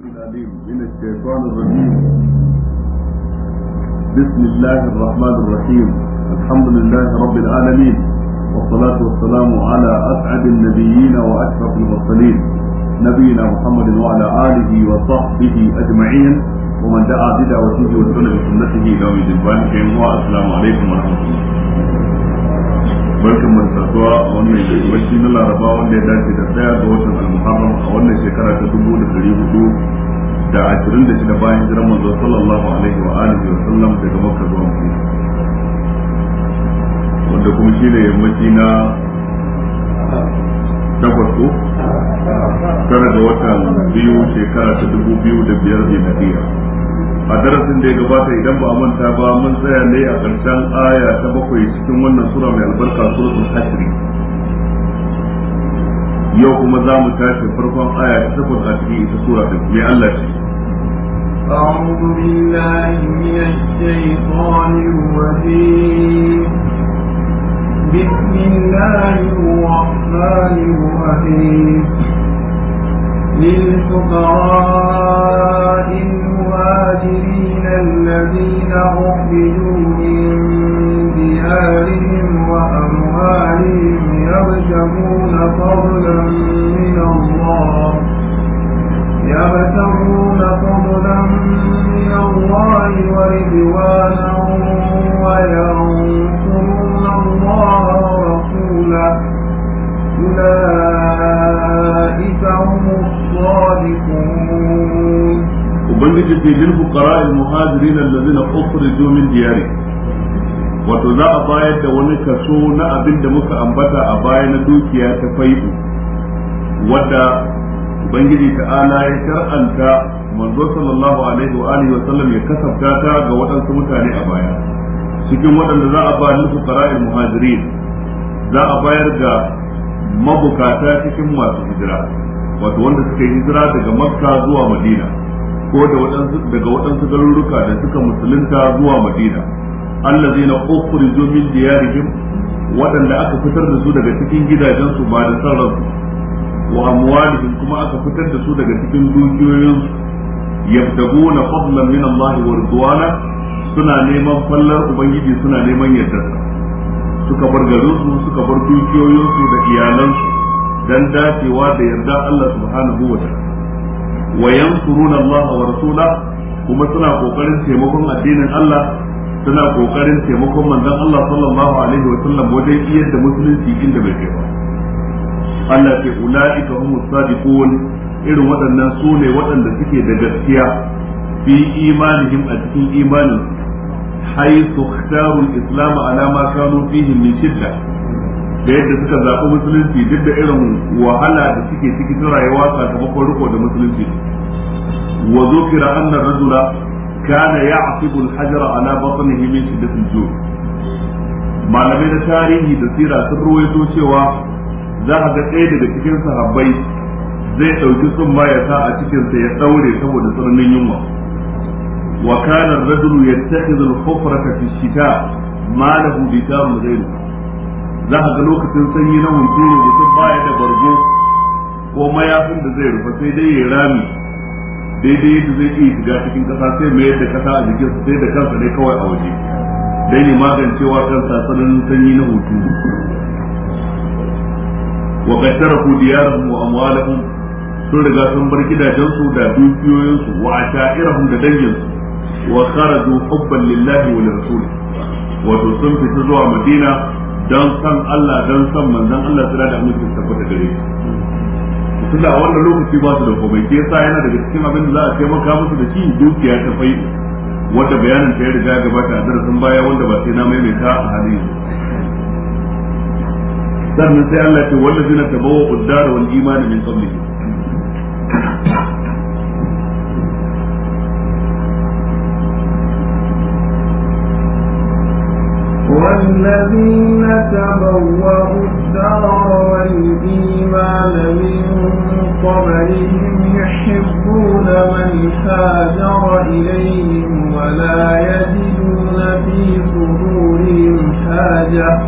من الشيطان الرجيم بسم الله الرحمن الرحيم الحمد لله رب العالمين والصلاة والسلام على أسعد النبيين وأشرف المرسلين نبينا محمد وعلى آله وصحبه أجمعين ومن دعا بدعوته وسنة سنته إلى يوم الدين السلام عليكم ورحمة الله barkan mu saduwa a wannan yammaci na laraba wanda ya dace da tsaya ga watan al-muharram a wannan shekara ta dubu da dari hudu da ashirin da shida bayan jiran manzo sallallahu alaihi wa alihi wa sallam daga makka zuwa madina wanda kuma shi ne yammaci na takwas ko da ga watan biyu shekara ta dubu biyu da biyar ne biyar. a darasin da ya gabata idan ba a manta ba mun tsaya ne a ƙarshen aya ta bakwai cikin wannan sura mai albarka suratul hasri yau kuma za mu tashi farkon aya ta takwas a cikin ita sura ta mai Allah ce أعوذ بالله من الشيطان الرجيم بسم الله الرحمن الرحيم للفقراء المهاجرين الذين أخرجوا من ديارهم وأموالهم يبتغون فضلا من الله يبتغون فضلا من الله ورضوانا وينصرون الله ورسوله أولئك هم الصادقون ubangiji ce lil fuqara al muhajirin allazina ukhriju min diyari wato za a bayar da wani kaso na abin da muka ambata a baya na dukiya ta faidu wadda ubangiji ta'ala ya shar'anta manzo sallallahu alaihi wa alihi wa sallam ya kasafta ta ga waɗansu mutane a baya cikin waɗanda za a bayar lil fuqara al muhajirin za a bayar ga mabukata cikin masu hijira wato wanda suka yi hijira daga makka zuwa madina ko da waɗansu daga waɗansu garuruka da suka musulunta zuwa madina allazina ukhrijoo min diyarihim waɗanda aka fitar da su daga cikin gidajensu ba da san ransu wa amwalihim kuma aka fitar da su daga cikin dukiyoyinsu yabtaguna fadlan min Allah wa ridwana suna neman fallar ubangiji suna neman yardarsa suka bar garinsu suka bar dukiyoyinsu da iyalansu dan dacewa da yarda Allah subhanahu wa ta'ala wa yansuruna Allah wa rasula kuma suna kokarin taimakon addinin Allah suna kokarin taimakon manzon Allah sallallahu alaihi wa sallam wajen iyar da musulunci inda bai kai ba Allah ce ulaika humus sadiqun irin waɗannan su ne waɗanda suke da gaskiya fi imanihim a cikin imanin haythu ikhtaru al-islam ala ma kanu fihi min shiddah da yadda suka zaɓi musulunci duk da irin wahala da suke ciki ta rayuwa sakamakon riko da musulunci wa zukira anna rajula kana ya'tibu al-hajara ala batnihi min shiddatil ju' malamai na tarihi da sira sun ruwaito cewa za a ga ɗaya daga cikin sahabbai zai ɗauki tsumma ya sa a cikinsa ya ɗaure saboda tsananin yunwa wa kana ar-rajulu yattakhidhu al-khufrata fi shita ma lahu bitarun za a ga lokacin sanyi na hunturu mutum baya da bargo ko mayafin da zai rufa sai dai ya rami daidai yadda zai iya shiga cikin kasa sai mayar da kasa a jikin sai da kansa ne kawai a waje dai ne magancewa kan sassanin sanyi na hunturu wa qad taraku diyarahum wa amwalahum sun riga sun bar gidajensu da dukiyoyinsu wa asha'irahum da danginsu wa kharaju hubban lillahi wa lirrasuli wato sun fita zuwa madina don san Allah don san manzan Allah tsira da aminci tabbata gare shi tunda a wannan lokaci ba su da komai ke sa yana daga cikin abin da za a taimaka musu da shi dukiya ta fai wanda bayanin ta ya riga gabata a darasin baya wanda ba sai na maimaita a halin sannan sai Allah ce wallazina bawa ad-dar wal iman min qablihi والذين تبوأوا الدار والإيمان من قبلهم يحبون من هاجر إليهم ولا يجدون في صدورهم حاجة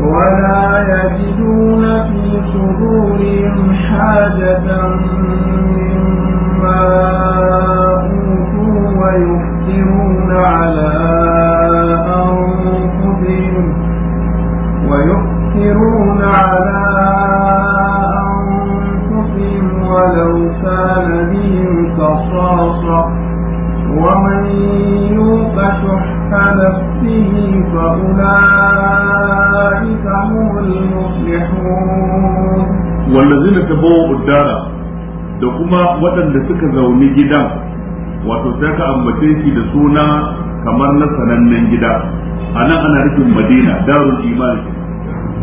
ولا يجدون في صدورهم حاجة مما أوتوا ويؤثرون على يؤثرون على أنفسهم ولو كان بهم خصاصة ومن يوق شح نفسه فأولئك هم المفلحون والذين تبوؤوا الدار da kuma waɗanda suka zauni gidan wato sai ka ambace shi da suna kamar na sanannen gida a nan ana nufin madina darul imani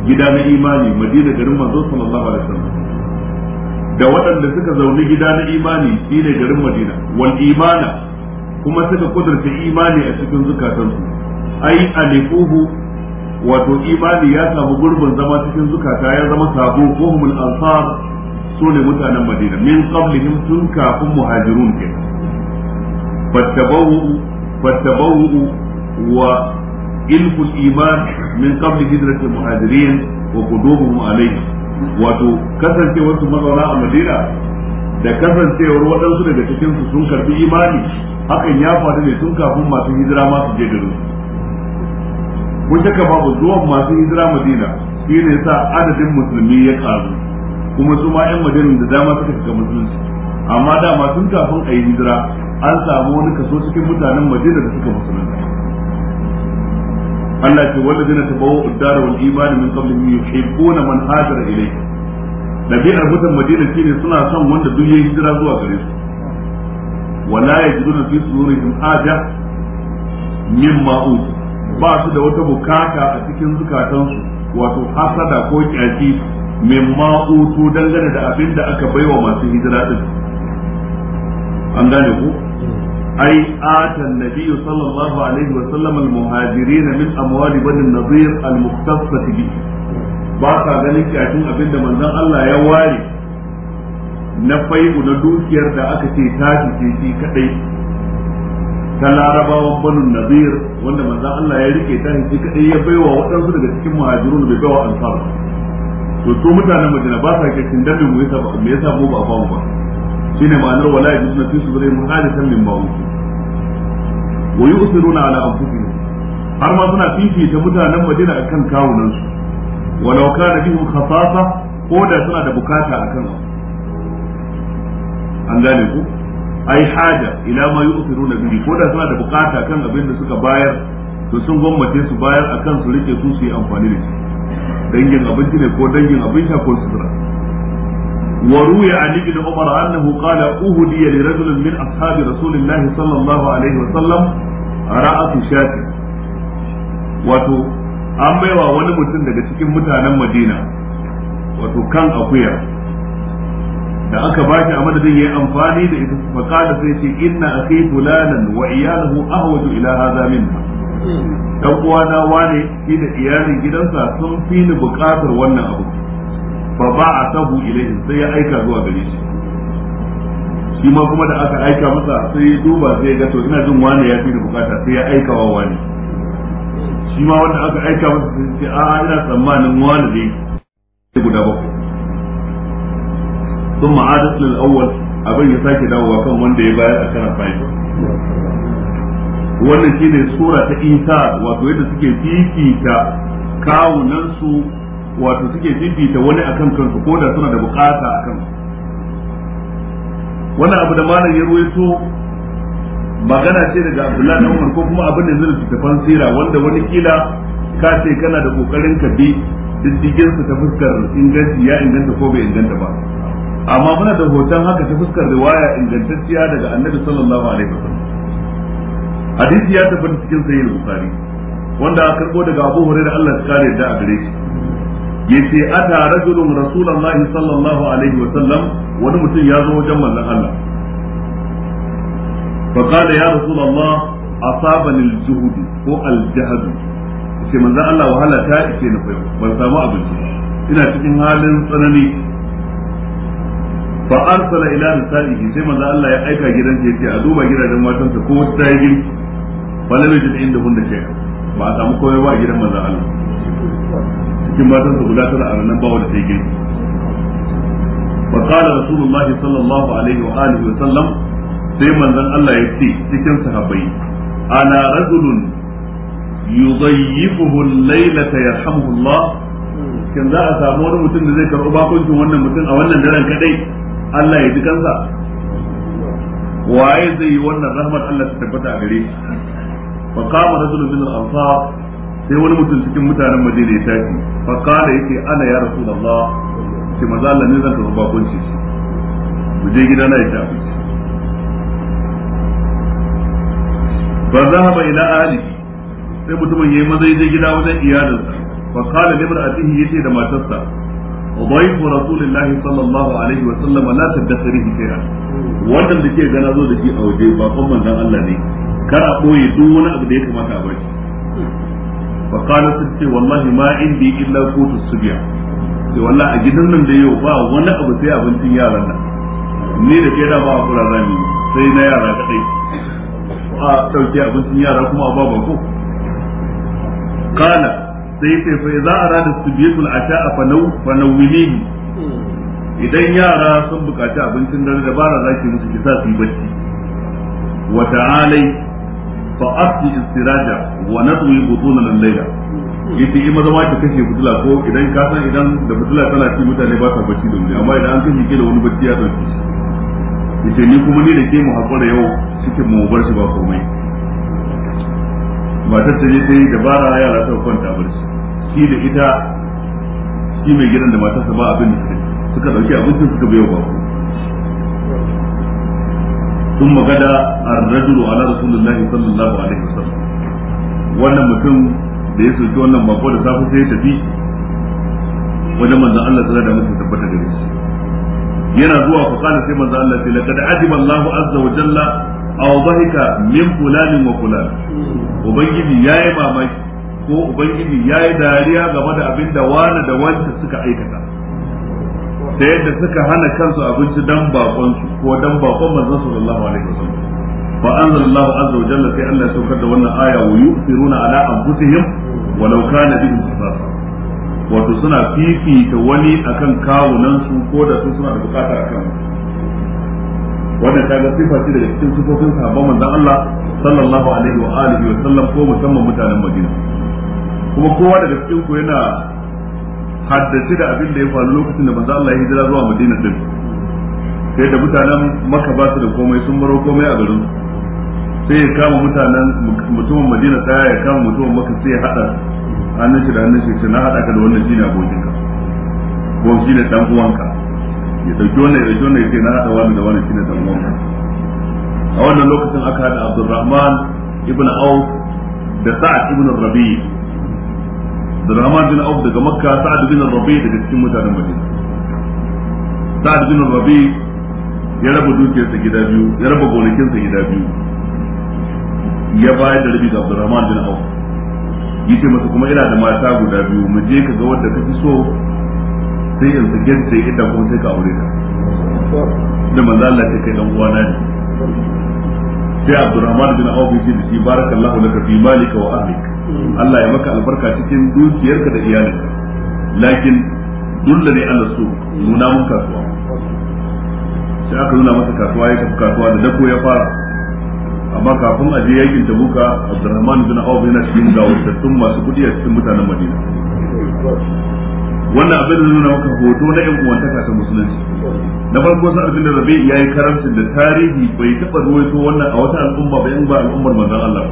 gida na imani madina garin manzo sallallahu alaihi wasallam da waɗanda suka zaune gida na imani shine garin madina wal imana kuma suka kudurta imani a cikin zukatansu ai alifuhu wato imani ya samu gurbin zama cikin zukata ya zama sabo ko humul ansar su ne mutanen madina min qablihim tun kafin muhajirun ke fattabawu fattabawu wa ilful iman min qabli hijrati muhajirin wa qudubuhum alayhi wato kasancewar su mazauna a Madina da kasancewar waɗansu daga cikin su sun karbi imani hakan ya faru ne tun kafin masu hijira ma su je garin ko shaka babu zuwan masu hijira Madina shine sa adadin musulmi ya karu kuma su ma yan madinin da dama suka fita musulunci amma dama tun kafin a yi hijira an samu wani kaso cikin mutanen Madina da suka musulunci. Allah ce wallazina tabawwa'u ad-dara wal imana min qablihim yuhibbuna man hajara ilayhi dabi'ar mutan madina shine suna son wanda duk yayi hijira zuwa gare su wala yajiduna fi sudurihim haja mimma ut ba su da wata bukata a cikin su wato hasada ko kyashi mimma utu dangane da abin da aka baiwa masu hijira din an gane ku أي آتى النبي صلى الله عليه وسلم المهاجرين من أموال بني النظير المختصة به باقى ذلك أتون أبدا من الله يوالي نفيق ندوك يرد أكتي تاتي تيتي كتي talarabawan banu nazir wanda manzon Allah ya rike ta shi kadai ya baiwa waɗansu daga cikin muhajirun bai baiwa ansar to su mutanen Madina ba sa kin dabi mu yasa ba me yasa mu ba ba ma'anar wala yajiduna fi sudurihim min wa yi yusiruna ala anfusihim har ma suna fifita mutanen Madina akan kawunan su walau kana bihun khasasa ko da suna da bukata akan su an gane ku ai haja ila ma yi yusiruna bihi ko da suna da bukata kan abin da suka bayar to sun gwammace su bayar akan su rike su su yi amfani da shi dangin abinci ne ko dangin abin sha ko sutura وروي عن ابن عمر انه قال اوهدي لرجل من اصحاب رسول الله صلى الله عليه وسلم ra'atu shafi wato an baiwa wani mutum daga cikin mutanen madina wato kan akuya da aka ba shi a madadin yayi amfani da ita fa qala sai ce inna akhi fulanan wa iyaluhu ahwaju ila hadha minna dan na wane shi da iyalin gidansa sun fi ni bukatar wannan abu fa ba'atahu ilayhi sai ya aika zuwa gare shi shi ma kuma da aka aika masa sai ya duba sai ga to ina jin wani ya fi da bukata sai ya aika wa wani shi ma wanda aka aika masa sai ce a ina tsammanin wani dai sai guda bakwai sun ma'adar lil awwal abin ya sake dawowa kan wanda ya bayar a kanar fahimta wannan shine sura ta isa wato yadda suke fifita kawunan su wato suke fifita wani akan kansu ko da suna da bukata akan kansu. wannan abu da malam ya ruwaito magana ce daga abdullahi na umar ko kuma abin da zai littattafan tsira wanda wani kila ka ce kana da kokarin ka bi diddigin su ta fuskar inganci ya inganta ko bai inganta ba amma muna da hoton haka ta fuskar riwaya ingantacciya daga annabi sallallahu alaihi wasallam hadisi ya tabbata cikin sahih bukhari wanda aka karbo daga abu hurairah Allah ya kare da a gare shi yace ata rajulun rasulullahi sallallahu alaihi wa sallam wani mutum ya zo wajen manzon Allah fa qala ya rasulullah asabani al-zuhd ko al-jahd yace manzon Allah wahala ta yace na fa ban samu abinci ina cikin halin tsanani fa arsala ila risalihi sai manzon Allah ya aika gidan ya ce a duba gidajen ta ko wata ta yi fa lam yajid inda hunda shay'a ba a samu komai ba gidan manzon Allah cikin matan su guda tara a ranar bawa da sai girki fa qala rasulullah sallallahu alaihi wa alihi wa sallam sai manzon Allah ya ce cikin sahabbai ana rajulun yudayyifuhu al-laylata yarhamuhu Allah kin za a samu wani mutum da zai karɓi bakuncin wannan mutum a wannan daren kadai Allah ya ji kansa waye zai yi wannan rahmar Allah ta tabbata a gare shi fa qama rajulun min al-ansar sai wani mutum cikin mutanen madina ya tashi fa qala yake ana ya rasulullah shi maza Allah ne zan karba kunci shi mu je gidana ya tafi fa zahaba ila ali sai mutumin yayi maza je gida wajen iyalinsa fa qala limra'atihi yace da matarsa ضيف رسول الله صلى الله عليه وسلم لا تدخره شيئا wannan da ke gana zo da shi a waje ba kuma dan Allah ne kar a boye duk wani abu da ya kamata a bashi fa qalat tace wallahi ma indi illa qutu subya sai wallahi a gidan nan da yau ba wani abu sai abincin yaran nan ni da ke da ba a kula rami sai na yara kadai a ɗauke abincin yara kuma a baban bako kana sai sai fa idza arada subiyatul asha'a fa naw fa nawwilihi idan yara sun buƙaci abincin dare da bara zaki musu kisa su yi bacci wa alai. fa asli istiraja wa natwi butunan al-layla yace in maza ma ka kashe butula ko idan ka san idan da butula tana ci mutane ba ta bacci da wuri amma idan an kashe kila wani bacci ya dauke shi yace ni kuma ni da ke mu hakura yau cikin mu bar shi ba komai matar ta je sai dabara yara ta kwanta barci shi da ita shi mai gidan da matarsa ba abin da suka dauki abincin suka biyo ba ثم غدا الرجل على رسول الله صلى الله عليه وسلم wannan mutum da ya soki wannan bako da safe sai ya tafi wajen manzon Allah sallallahu da wasallam tabbata da shi yana zuwa fa kana sai manzon Allah sai laqad ajima Allah azza wa jalla aw dhahika min fulan wa fulan ubangiji yayi mamaki ko ubangiji yayi dariya game da abin da wani da wanda suka aikata da yadda suka hana kansu abinci dan bakon su ko dan bakon manzon sallallahu alaihi wasallam fa anzalallahu azza wa jalla sai Allah ya saukar da wannan aya wa yufiruna ala anfusihim walau kana bihim khasasa wato suna fifita wani akan kawunan su ko da su suna da bukata akan wannan ta ga sifa ce daga cikin sifofin sahabban manzon Allah sallallahu alaihi wa alihi wa sallam ko musamman mutanen Madina kuma kowa daga cikin ku yana haddace da abin da ya faru lokacin da manzo Allah ya hijira zuwa Madina din sai da mutanen Makka ba su da komai sun baro komai a garin sai ya kama mutanen mutumin Madina ta ya kama mutumin Makka sai ya hada hannun shi da hannun shi na hada ka da wannan shine abokin ka ko shine dan uwanka ya dauki wannan ya dauki wannan ya ce na hada wani da wani shine dan uwanka a wannan lokacin aka hada Abdulrahman ibn Auf da Sa'ad ibn Rabi' Abdurrahman bin Auf daga Makka Sa'ad bin Rabi daga cikin mutanen Madina Sa'ad bin Rabi ya raba dukiyarsa gida biyu ya raba gonakinsa gida biyu ya bayar da rabi ga Abdurrahman bin Auf yace masa kuma ina da mata guda biyu mu je ka ga wanda kake so sai yanzu gidda ita kuma sai ka aure ta da manzo Allah ya kai dan uwana ne sai Abdurrahman bin Auf ya ce da barakallahu laka fi malika wa ahlika Allah ya maka albarka cikin dukiyarka da iyalinka lakin dole ne Allah su nuna mun kasuwa sai aka nuna masa kasuwa ya tafi kasuwa da dako ya fara amma kafin a je yakin buka Abdurrahman bin Awf yana cikin gawurtattun masu kudi a cikin mutanen Madina wannan abin da nuna maka hoto na yan uwantaka ta musulunci na farko sa abin da rabi yayi karancin da tarihi bai taba ruwaito wannan a wata al'umma ba in ba al'ummar manzon Allah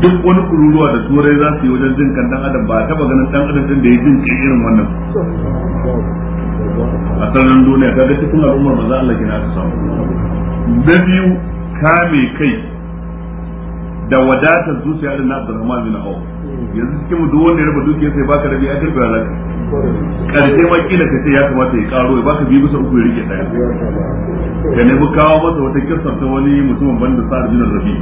duk wani kururuwa da turai za su yi wajen jin kan dan adam ba taba ganin dan adam din da ya jin irin wannan a sararin duniya kaga cikin al'ummar ba za a gina aka samu na biyu kame kai da wadatar zuciya da na Abdulrahman bin Auf yanzu cikin mu duk wanda ya raba dukiyar sai baka rabi a karbe ala karshe ma kila ka ce ya kamata ya karo ya baka biyu bisa uku ya rike daya ka nemi kawo masa wata kissa ta wani mutumin banda sa da jinan rabi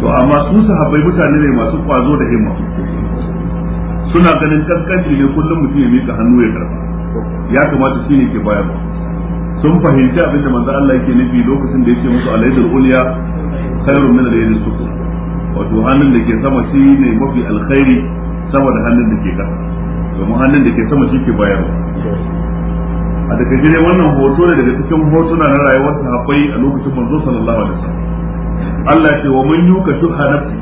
to amma su sahabbai mutane ne masu kwazo da himma suna ganin kaskanci ne kullum mutum ya mika hannu ya karba ya kamata shi ne ke bayarwa sun fahimci abinda manzo Allah yake nufi lokacin da yake musu alaydul ulya khairun min alaydul sufu wato hannun da ke sama shi ne mafi alkhairi sama da hannun da ke kasa domin hannun da ke sama shi ke bayarwa a daga jire wannan hoto ne daga cikin hotuna na rayuwar sahabbai a lokacin manzo sallallahu alaihi wasallam Allah ce wa man yuka shuha nafsi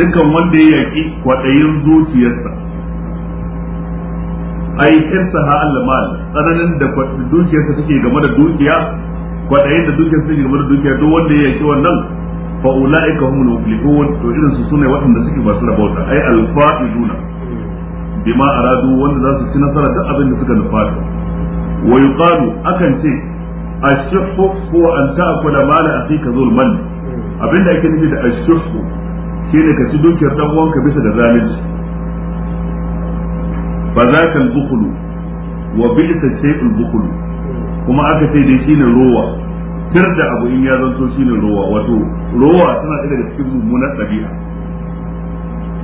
dukkan wanda ya yaki kwadayin zuciyarsa ai ha Allah mal tsananin da dukiyarsa take game da dukiya kwadayin da dukiyarsa take game da dukiya duk wanda ya yaki wannan fa ulaika humul muflihun to irin su sune waɗanda suke masu rabauta ai alfa'iluna bima aradu wanda za su ci nasara da abin da suka nufa wa yuqalu akan ce ashfu ko an ta'kula mala akika zulman hmm. abinda ake nufi da ashfu shine ka ci dukiyar dan uwanka bisa da zalunci fa zaka al bukulu. wa kuma aka ce dai shine rowa fitar da abu in ya zanto shine rowa wato rowa tana ɗaya daga cikin mummunan ɗabi'a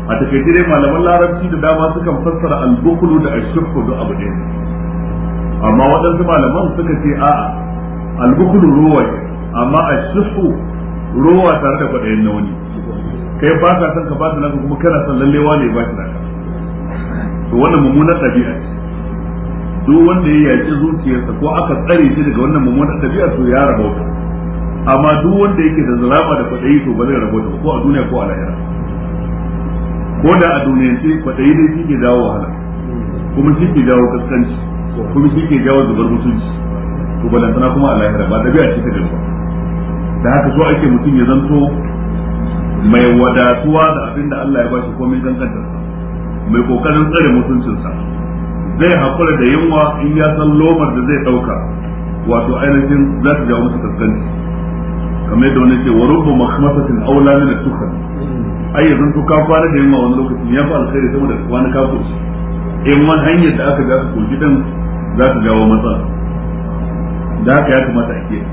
a takaice dai malaman larabci da dama sukan fassara al-bukhlu da ashirku da abu ɗaya amma waɗansu malaman suka ce a'a al-bukhlu rowa ne amma ashirku rowa tare da kwaɗayin na wani kai ba ka san ka ba ta naka kuma kana son lallewa ne ba ka naka to wannan mummunan ɗabi'a ce duk wanda ya yaki zuciyarsa ko aka tsare shi daga wannan mummuna tafiya to ya rabo ta. amma duk wanda yake da zalama da kwaɗayi to ba zai ta ko a duniya ko a lahira ko da a duniya ce kwaɗayi ne shi ke dawo wahala kuma shi ke jawo kaskanci kuma shi ke jawo zubar mutunci to balantana kuma a lahira ba tafiya ce ta gaba da haka so ake mutum ya zanto mai wadatuwa da abin da Allah ya bashi komai kankanta mai kokarin tsare mutuncinsa zai hakura da yunwa in ya san lomar da zai ɗauka wato ainihin za ta jawo masa kaskanci kamar yadda wani ce wa rubu makhmasatin aula min at-tukhan ayi zan to ka fara da yunwa wani lokacin ya fi alkhairi sama da kwana ka kurci in wani hanyar da aka ga ka kurci dan za ta jawo masa da haka ya kamata a kiyaye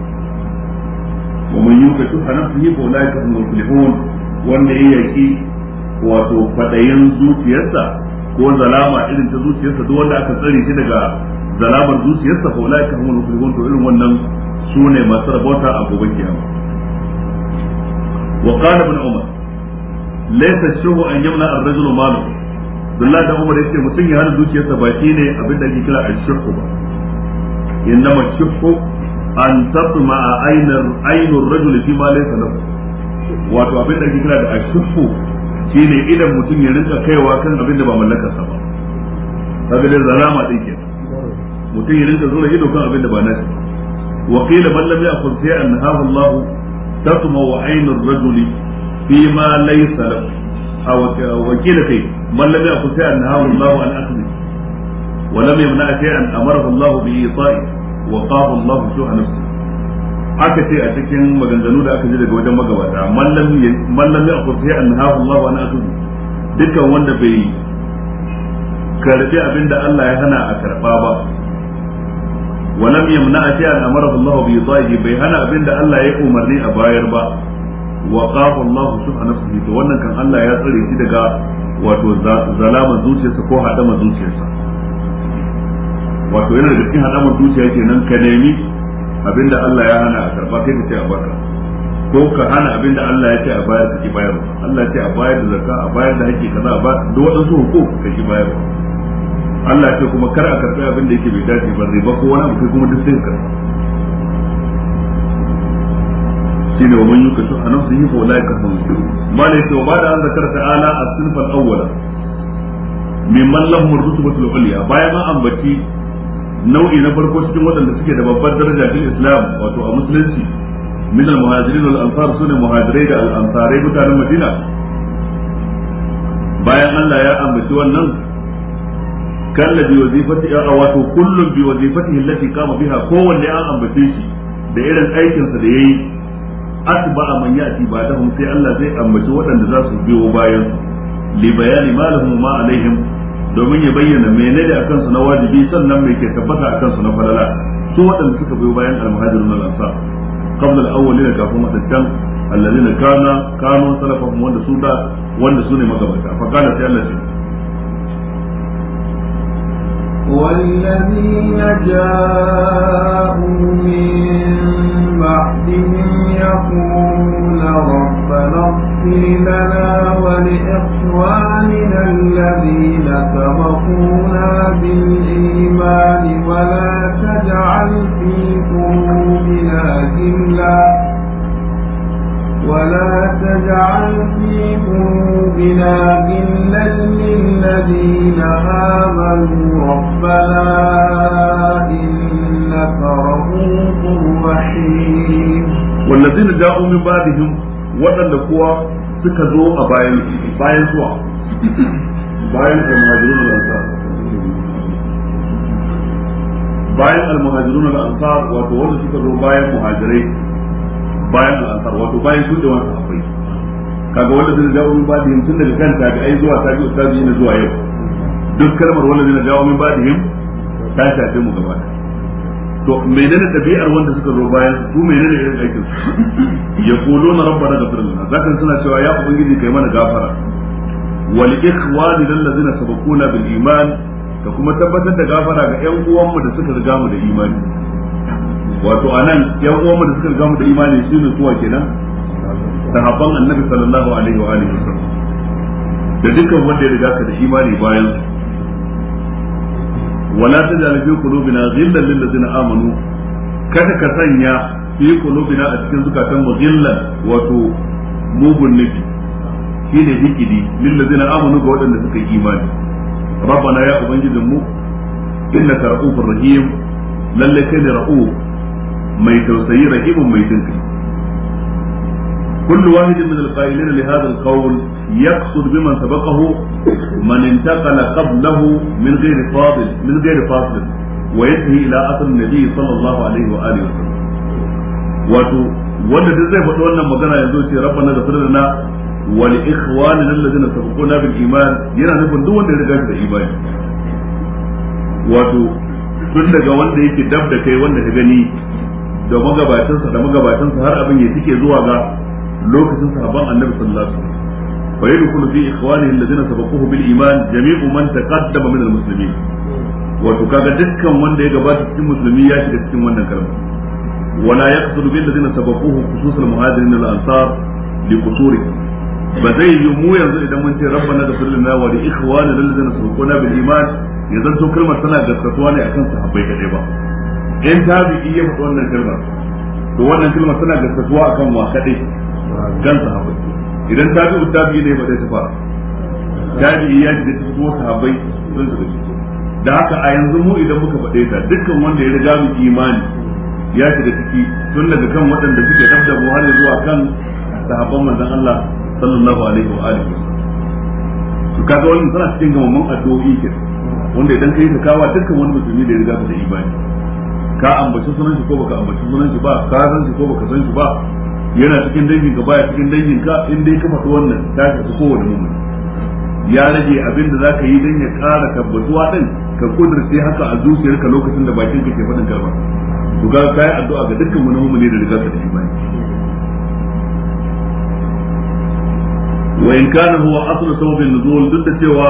wa man yuka shuha nafsihi fa ulaika hum muflihun wanda ya yaki wato fadayin zuciyarsa ko zalama irin ta zuciyarsa duk wanda aka tsare shi daga zalamar zuciyarsa fa ulai ka humul muflihun to irin wannan sune masu rabota a gobe kiyama wa qala ibn umar laysa shuhu an yamla ar-rajulu malu Abdullahi da Umar yake mutum ya hana zuciyarsa ba shine abin da ake kira ash-shuhu ba innama ash-shuhu an tatma aynar aynur rajuli fi ma laysa lahu wato abin da ake kira da ash-shuhu shine idan mutum ya rinka kaiwa kan abin da ba mallakarsa ba kaga da zalama din ke. mutum ya rinka zura ido kan abin da ba nashi wa qila man lam ya'khudh shay'an nahahu Allah tatma wa 'aynu ar-rajul fi ma laysa lahu aw wa qila kai man lam ya'khudh shay'an nahahu Allah an akhdhi wa lam yamna shay'an amarahu Allah bi ita'i wa qaba Allah shuha nafsihi aka ce a cikin maganganu da aka ji daga wajen magabata Mallami a akwai sai an hafu Allah wa na dukkan wanda bai karbi abin da Allah ya hana a karba ba walam yamna shi an amara Allah bi yadahi bai hana abin da Allah ya umarni a bayar ba wa qafa Allah subhanahu wa to wannan kan Allah ya tsare shi daga wato zalama zuciyarsa ko hadama zuciyarsa wato yana da cikin hadama zuciya kenan ka nemi abinda Allah ya hana a karba kai ka ce a baka ko ka hana abinda Allah ya ce a bayar ka ki bayar Allah ya ce a bayar da zakka a bayar da hakki kaza ba da waɗansu hukuk ka ki bayar Allah ya ce kuma kar a karɓi abin da yake bai dace ba riba ko wani abu kai kuma duk sai ka shi ne wa man yuka a nan sun yi fa ulai ka sun su ma ne to ba da an zakar ta ala a al awwala mimman lahum ar ulya bayan an ambaci nau'i na farko cikin waɗanda suke da babbar daraja cikin islam wato a musulunci min al muhajirin wal ansar sunan muhajirai da al ansarai mutanen madina bayan Allah ya ambaci wannan kalla bi wazifati a wato kullum bi wazifatihi allati qama biha kowanne an ambace shi da irin aikinsa da yayi asba man ya'ti ba'dahum sai Allah zai ambaci waɗanda za su biyo bayan li bayani ma ma alaihim domin ya bayyana menene akan su na wajibi sannan mai ke tabbata akan su na falala su waɗanda suka biyo bayan almuhajirun wal ansar qabla al-awwalina kafin wadannan alladhina kana kanu salafa wanda su da wanda su ne magabata fa kana sai Allah ce والذين جاءوا من بعدهم يقول ربنا اغفر لنا ولإخواننا الذين سبقونا بالإيمان ولا تجعل في قلوبنا إلا ولا تجعل في قلوبنا غلا للذين آمنوا ربنا إلا إنك والذين جاءوا من بعدهم وأن القوى سكزوا أباين باين سوا باين المهاجرون الأنصار bayan almuhajirun al-ansar wato wanda suka zo bayan muhajirai bayan al-ansar wato bayan da kaga wanda zai jawo min badihim tun daga kan tabi'ai zuwa tabi'u tabi'ina zuwa yau duk kalmar wanda zai jawo min badihim ta shafe mu gaba ɗaya to menene dabi'ar wanda suka zo bayan su menene irin aikin su ya kulo na rabba rabbana ghafir lana zaka suna cewa ya ubangiji kai mana gafara wal ikhwani ladina sabaquna bil iman Ka kuma tabbatar da gafara ga yan uwanmu da suka riga mu da imani wato anan yan uwanmu da suka riga mu da imani shine suwa kenan sahabban annabi sallallahu alaihi wa alihi wasallam da dukkan wanda ya riga ka da imani bayan su wala tajal fi qulubina ghillan lil ladzina amanu kada ka sanya fi qulubina a cikin zukatan mu wato mugun nufi shine hikidi lil ladzina amanu ga waɗanda suka yi imani rabbana ya ubangijin mu innaka ra'ufur rahim lalle kai ne ra'uf mai tausayi rahimun mai jin كل واحد من القائلين لهذا القول يقصد بمن سبقه من انتقل قبله من غير فاضل من غير فاصل وينتهي الى اثر النبي صلى الله عليه واله وسلم wato wanda duk zai faɗi wannan magana yanzu ce na da sirrina wa li ikhwanina ko sabaquna bil iman yana nufin duk wanda ya riga da imani wato tun daga wanda yake dab da kai wanda ka gani da magabatansa da magabatansa har abin ya tike zuwa ga lokacin sahabban annabi sallallahu alaihi wasallam fa yadkhulu fi ikhwanihi alladhina sabaquhu bil iman jami'u man taqaddama min al muslimin kaga dukkan wanda ya gabata cikin musulmi ya shiga cikin wannan kalma wala yaqsulu bil ladina sabaquhu khusus al muhajirin al ansar li qusuri ba zai yi mu idan mun ce rabbana da kullina wa li ikhwana lil ladina sabaquna bil iman ya zanto kalmar tana gaskatuwa ne akan sahabbai kadai ba in tabi'i ya faɗi wannan kalmar to wannan kalmar tana gaskatuwa akan wa kadai Gan sahabbai idan tabi'u tabi'i ne ba zai tafa tabi'i ya ji da ko sahabbai sun su dace da haka a yanzu mu idan muka faɗe ta dukkan wanda ya riga mu imani ya shiga ciki tun daga kan waɗanda suke da buhari zuwa kan sahabban manzon Allah sallallahu alaihi wa alihi to kaga wannan tana cikin gamamman addu'o'i ke wanda idan kai ka kawo dukkan wani musulmi da ya riga ka da imani ka ambaci sunan shi ko baka ambaci sunan shi ba ka san shi ko baka san shi ba yana cikin danginka baya cikin danginka in dai ka faɗi wannan ta fi kowane mummuni ya rage abin da ka yi dan ya ƙara tabbatuwa din ka kudurce haka a zuciyarka lokacin da bakinka ke faɗin karba to ga kai addu'a ga dukkan wani mummuni da riga ka da imani wa in kana huwa aslu sababin nuzul duk da cewa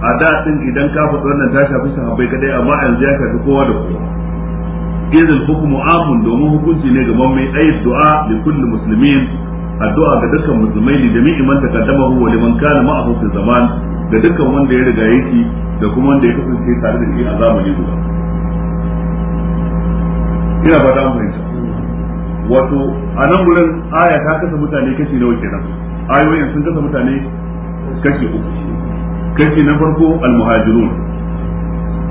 a da din idan ka faɗi wannan ta shafi sahabbai kadai amma yanzu ya shafi kowa da kowa idan hukumu amun domin hukunci ne ga mai ayyud du'a li kulli muslimin addu'a ga dukkan musulmai li jami'i man taqaddamahu wa liman kana ma'ahu zaman da dukkan wanda ya riga yake da kuma wanda ya da a zamani ina ba wato a nan gurin aya ta kasa mutane kashi nawa kenan ayoyin sun kasa mutane kashi uku kashi na farko al-muhajirun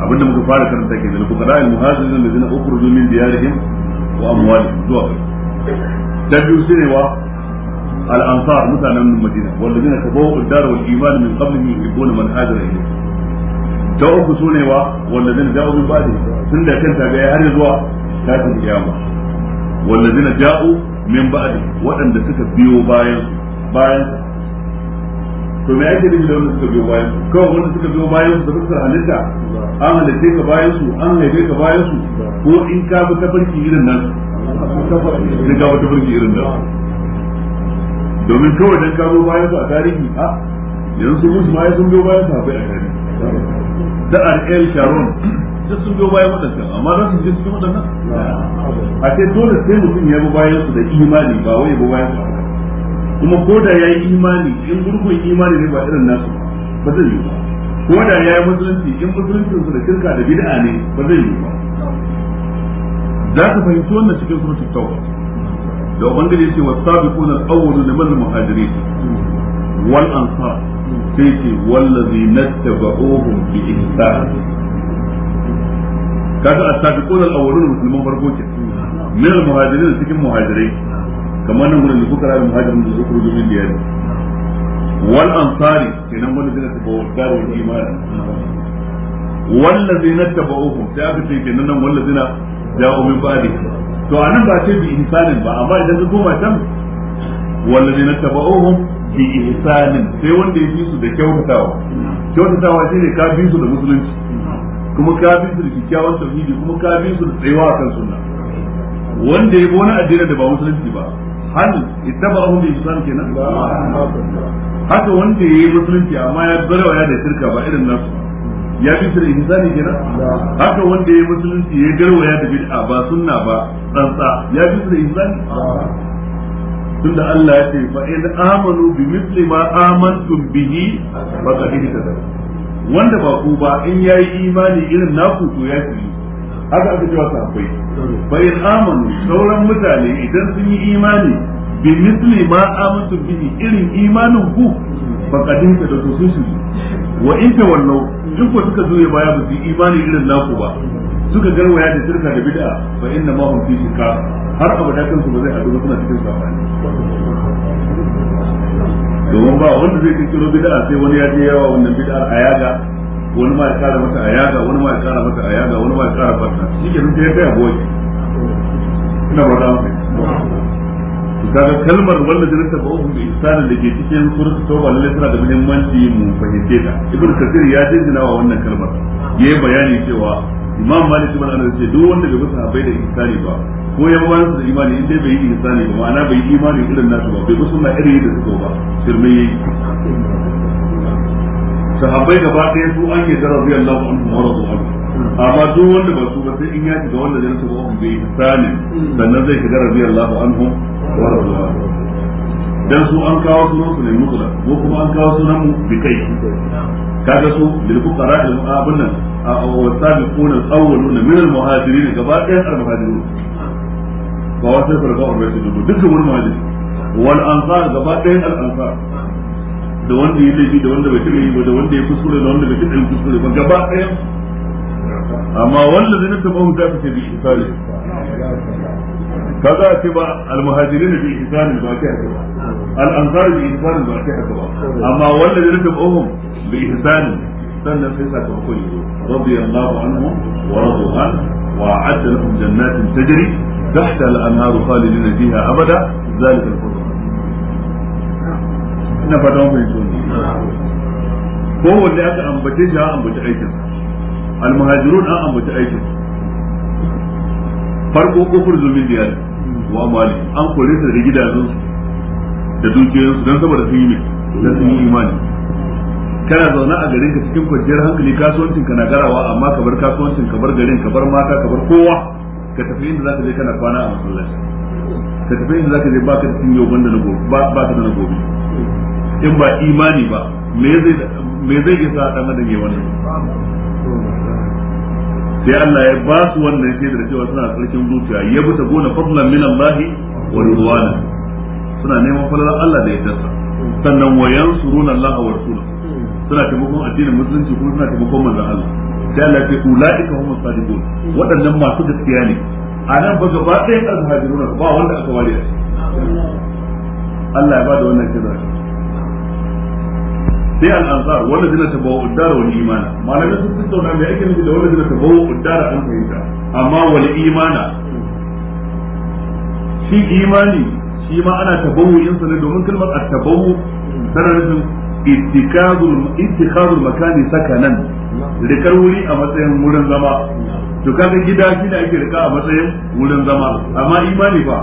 abinda muka fara karanta ke zan fuqara al muhajirin allazina ukhrijoo min diyarihim wa amwalihim zuwa da biyu shine wa al ansar mutanen madina wallazina tabawu ad-dar wal iman min qablihi yuhibbuna man hajara ilayhi da uku sune wa wallazina ja'u min ba'di tun da kanta ga har zuwa ta tashin kiyama wallazina ja'u min ba'di waɗanda suka biyo bayan bayan to me yake nufi da wanda suka biyo bayan su kawai wanda suka biyo bayan su da fuskar halitta an halitta ka bayan su an haife ka bayan su ko in ka bi farki irin nan in ka bi farki irin nan domin kawai dan ka biyo bayan su a tarihi a yanzu musu ma sun biyo bayan su a tarihi da el Sharon duk sun biyo bayan waɗancan amma za su je cikin waɗannan a ce dole sai mutum ya bi bayan su da imani ba wai ya bi bayan su a kuma ko da ya yi imani in gurgun imani ne ba irin nasu ba zai yi ba ko da ya yi musulunci in musulunci su da shirka da bid'a ne ba zai yi ba za ka fahimci wannan cikin suratul tauba da ubangiji wa wasabiquna al-awwaluna min al-muhajirin wal ansar sai ce wallazina tabauhum bi ihsan kaga as-sabiquna al-awwaluna musulman farko ke min al-muhajirin cikin muhajirai kamar nan gudun da suka rabin muhajirin da suka rujumin da yari wal ansari kenan wanda zina taba wadar wal imani wallazina uku sai aka ce kenan nan zina ja'u min fadi to a nan ba ce bi ihsanin ba amma idan ka koma can wallazina uku bi ihsanin sai wanda ya fi su da kyautatawa kyautatawa ne ka bi su da musulunci kuma ka bi su da kyakkyawan tauhidi kuma ka bi su da tsayuwa kan sunna wanda ya bi wani addinin da ba musulunci ba hal ittabarahu bi islam kenan haka wanda yayi musulunci amma ya barwa ya da shirka ba irin nasu ya bi shirka ihsani kenan haka wanda yayi musulunci ya garwa ya da bid'a ba sunna ba tsantsa ya bi shirka ihsani tunda Allah ya ce fa in amanu bi mithli ma amantum bihi fa qad ihtadaw wanda ba ku ba in yayi imani irin naku to ya fi haka aka ce wasu akwai in amanu sauran mutane idan sun yi imani bi misli ma amintu bihi irin imanin ku ba kadin da su sun wa in ta wallau in ko suka zo baya ba su imani irin naku ba suka garwaya da shirka da bid'a fa inna ma hum fi shirka har abada kansu ba zai haɗu suna cikin safani domin ba wanda zai kiro bid'a sai wani ya je yawa wannan bid'a a yaga wani ma ya kara mata a yaga wani ma ya kara mata a yaga wani ma ya kara fata shi ke nufi ya kai a goge ina ba za mu kaga kalmar wanda da ta ba'u bi isanin da ke cikin suratul tauba lalle tana da muhimmanci mu fahimce ta ibnu kasir ya jinjina wa wannan kalmar yi bayani cewa imam malik ibn anas ce duk wanda bai bi bai da isani ba ko ya su da imani in dai bai yi isani ba ma'ana bai yi imani irin nasu ba bai musu ma irin da suka ba shirme sahabbai gaba ɗaya su an yi zarar biyar lafi an kuma rasu an amma duk wanda ba su ba sai in ya shiga wanda zai rasu ba bai sani sannan zai shiga rabiyar lafi an kuma rasu an dan su an kawo sunan su ne mutula ko kuma an kawo sunan mu bi kai kaga su lil fuqara al abun nan wa sabiquna awwaluna min al muhajirin gaba ɗaya al muhajirin ba wata farka urbaiti duk dukkan wani muhajirin wal ansar gaba ɗaya al ansar da wanda ya laifi da wanda bai taɓa yi ba da wanda ya kuskure da wanda bai taɓa yi kuskure ba gaba ɗaya amma wanda zai taɓa hu za ta ce bi isali kaza a ce ba almuhajirin bi isali ba ta haka ba al'ansar bi isali ba ta haka ba amma wanda zai taɓa hu bi isali sannan sai sakamakon yi radiyallahu anhu wa radu an wa a'adda lahum jannatin tajri tahta al-anharu khalidina fiha abada zalika al-fawz na fata mun fahimci wannan ko wanda aka ambace shi an ambace aikinsa almuhajirun an ambace aikinsa farko kufur zulmin diyar wa mali an kore su da gidajensu da dukiyoyinsu don saboda sun yi mai don sun yi imani kana zaune a garin ka cikin kwanciyar hankali kasuwancin ka na garawa amma ka bar kasuwancin ka bar garin ka bar mata ka bar kowa ka tafi inda zaka je kana kwana a masallaci ka tafi inda zaka je baka da sun yau banda na gobe ba ka da na gobe in ba imani ba me zai me sa isa dan adam ya wannan sai Allah ya ba su wannan shaida da cewa suna tsarkin zuciya ya bi ta gona fadlan min Allah wa ridwana suna neman falalar Allah da yardarsa sannan wa yansuruna Allah wa rasulahu suna taimakon addinin musulunci kuma suna taimakon manzon Allah sai Allah ya ulaika humus sadiqun waɗannan masu gaskiya ne a nan ba gaba ɗaya azhabiruna ba wanda aka ware Allah ya ba da wannan kira sai al wanda zina bawa uddara wani imana malamai sun tattauna mai ake nufi da wanda zina bawa uddara an fahimta amma wani imana shi imani shi ma ana tabawu yin sa ne domin kalmar ta bawa tana nufin ittikazul ittikazul makani nan. rikar wuri a matsayin wurin zama to kaga gida shi ne ake rika a matsayin wurin zama amma imani ba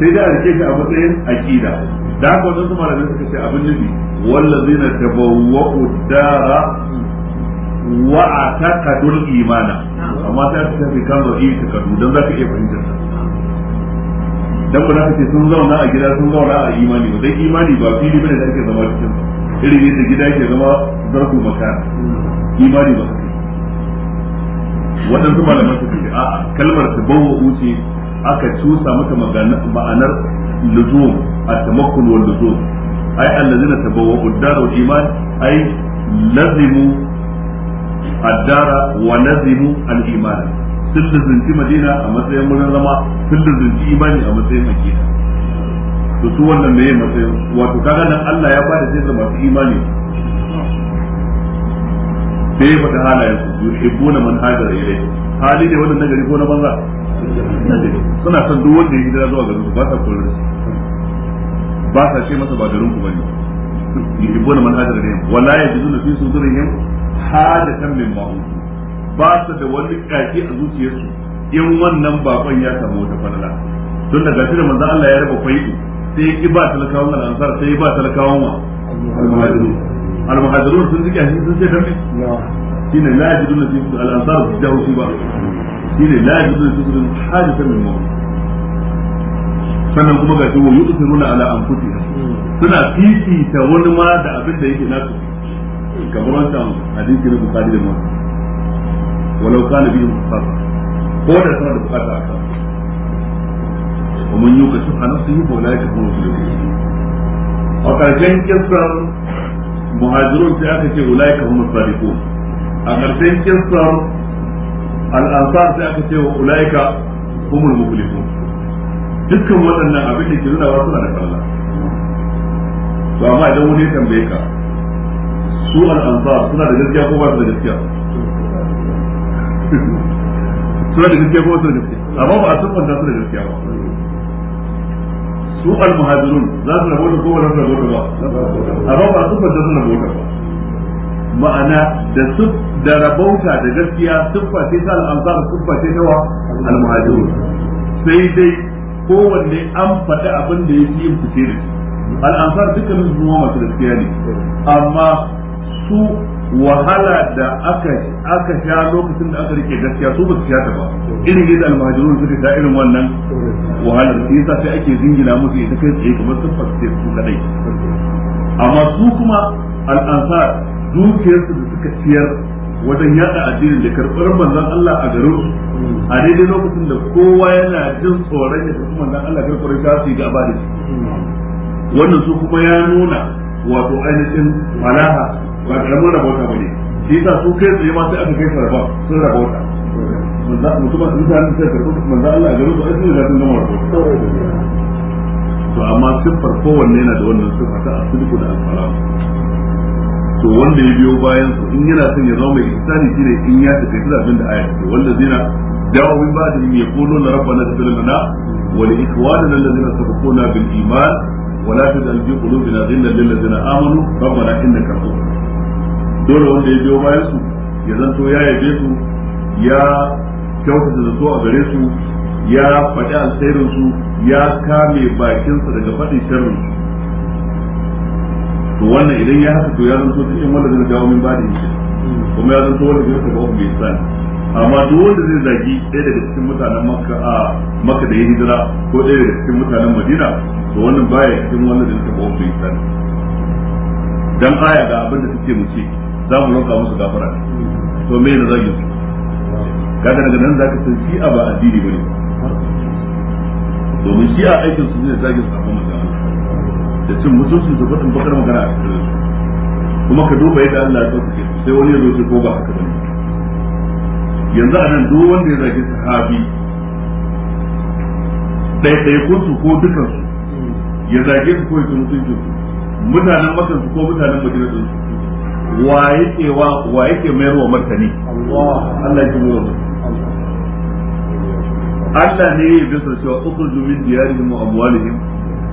sai da rike shi a matsayin aqida da haka wajen su malamai suka ce abin nufi wallazina tabawwa'u dara wa ataqadul imana amma ta aka tafi kan ra'i ta kadu za ka iya fahimtar ta dan ba za ce sun zauna a gida sun zauna a imani ba dai imani ba fili bane da ake zama cikin irin yadda gida ke zama zarfu makana imani ba waɗansu malaman suka ce a'a kalmar tabawwa'u ce aka cusa mata ma'anar luzum التمكن واللزوم أي الذين تبوأوا الدار والإيمان أي لزموا الدار ولزموا الإيمان sun lizinci madina a matsayin wurin zama sun lizinci imani a matsayin makina to su wannan mai matsayin wato kaga nan Allah ya bada sai ga masu imani sai ya faɗi halayen su yuhibbuna man hajara ilayhi hali ne wannan nagari ko na banza suna son duk wanda ya hijira zuwa garin su ba sa kullun ba sa ce masa ba garin Ni bane yuhibbuna man hajara ilayhim wa la yajiduna fi sudurihim hadatan min ma'u ba sa da wani kaki a zuciyarsu in wannan bakon ya samu wata fadala tun daga gashi da manzo Allah ya raba faidu sai ya ba talakawan al-ansar sai ya ba talakawan wa al-muhajirun sun zika shi sun ce dan ne shine la yajiduna fi al-ansar da hausi ba shine la yajiduna fi sudurihim hadatan min ma'u sannan kuma ga tuwo yudu su nuna ala amfuti suna fifita wani ma da abin da yake nasu kamar wancan hadisi na bukari da masu walau kana bihin bukata ko da suna da bukata a kan ومن يوق شح نفسه فاولئك هم المفلحون kuma كسر مهاجرون في اخر اولئك هم الصادقون اكرجن كسر الانصار في اخر kuma هم المفلحون dukkan waɗannan abin da ke nuna wa suna da kalla. to amma idan wani ya tambaye ka su al'ansar suna da gaskiya ko ba su da gaskiya suna da gaskiya ko ba su da gaskiya amma ba a san wanda su da gaskiya ba su al-muhajirun za su rabo da ko wani rabo da ba amma ba a san wanda su rabo da ba ma'ana da su da rabauta da gaskiya sun ce ta al'ansar sun ce ta wa al-muhajirun sai dai kowanne an faɗi abin da ya fi yin fice da shi al'ansar dukkanin su masu gaskiya ne amma su wahala da aka aka sha lokacin da aka rike gaskiya su ba su sha ta ba irin yadda almajirun suka sha irin wannan wahalar shi yasa sai ake zingina musu ita kai tsaye kamar sun fasike su kadai amma su kuma al'ansar dukiyarsu da suka siyar wajen yada addinin da karɓar manzon Allah a garin su a daidai lokacin da kowa yana jin tsoron ya tafi manzon Allah kar kwarai ta su ga gaba da shi wannan su kuma ya nuna wato ainihin malaha ba karamin rabauta ba ne shi yasa su kai tsaye ma sai aka kai sarrafa sun rabauta musamman mutanen da suka karɓi manzon Allah a garin su ai sun riga sun gama rabauta to amma siffar kowanne yana da wannan siffa ta asibiku da alfalam to wanda ya biyo bayan su in yana son ya zama mai ihsani shine in ya tafi da abin da aya to wanda zina ba da ba'da min na rabbana tadallana wa li ikhwanina alladhina sabaquna bil iman wa la taj'al fi qulubina ghillan lil ladzina amanu rabbana innaka rahim dole wanda ya biyo bayan su ya zanto ya yabe su ya kyautata da so a gare su ya faɗi alkhairin su ya kame bakinsa daga faɗin sharrin su to wannan idan ya haka to ya zanto in wanda zai dawo min da shi kuma ya zanto wanda zai karɓa bai bisani amma duk wanda zai zagi ɗaya daga cikin mutanen makka a makka da ya hijira ko ɗaya daga cikin mutanen madina to wannan baya cikin wanda zai karɓa bai bisani dan aya ga abin da suke mu ce za mu roƙa musu gafara to me ne zagi su kaga daga nan zaka san a ba addini bane domin a aikin su ne zagin sabon da cin mutunci su faɗin bakar magana a cikin kuma ka duba yadda Allah ya sauke sai wani ya zo ko ba haka bane yanzu a nan duk wanda ya zage sahabi ko su ko dukan su ya zage su ko su mutunci su mutanen makan su ko mutanen madina su wa yake wa wa yake mayar wa martani Allah ya ji mu Allah ne ya bisa cewa ukhruju min diyarihim wa amwalihim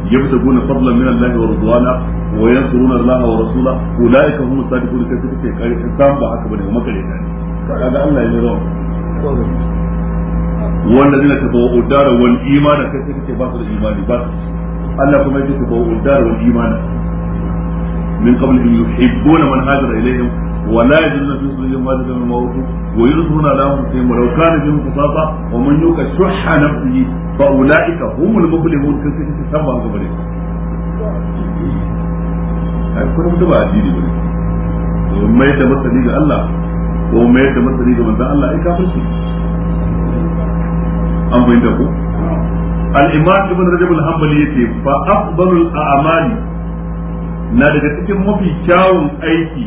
يبتغون فضلا من الله ورضوانا وينصرون الله ورسوله اولئك هم الصادقون كيف تكفي قال الانسان با haka bane kuma kare tani kaga Allah ya rawa والذين تبوا الدار والايمان كيف تكفي باطل الايمان باطل الله كما يتبوا الدار والايمان من قبل ان يحبون من هاجر اليهم ولا يجدون في صدورهم حاجة مما أوتوا ويظهرون على أنفسهم ولو كان بهم خصاصة ومن يوق شح نفسه فأولئك هم المفلحون كثير تسمى قبلهم akwai wata ba addini ba ne mai da martani ga Allah ko mai da martani ga manzon Allah ai kafirci an bayyana ku al-imam ibn rajab al-hanbali yace fa na daga cikin mafi kyawun aiki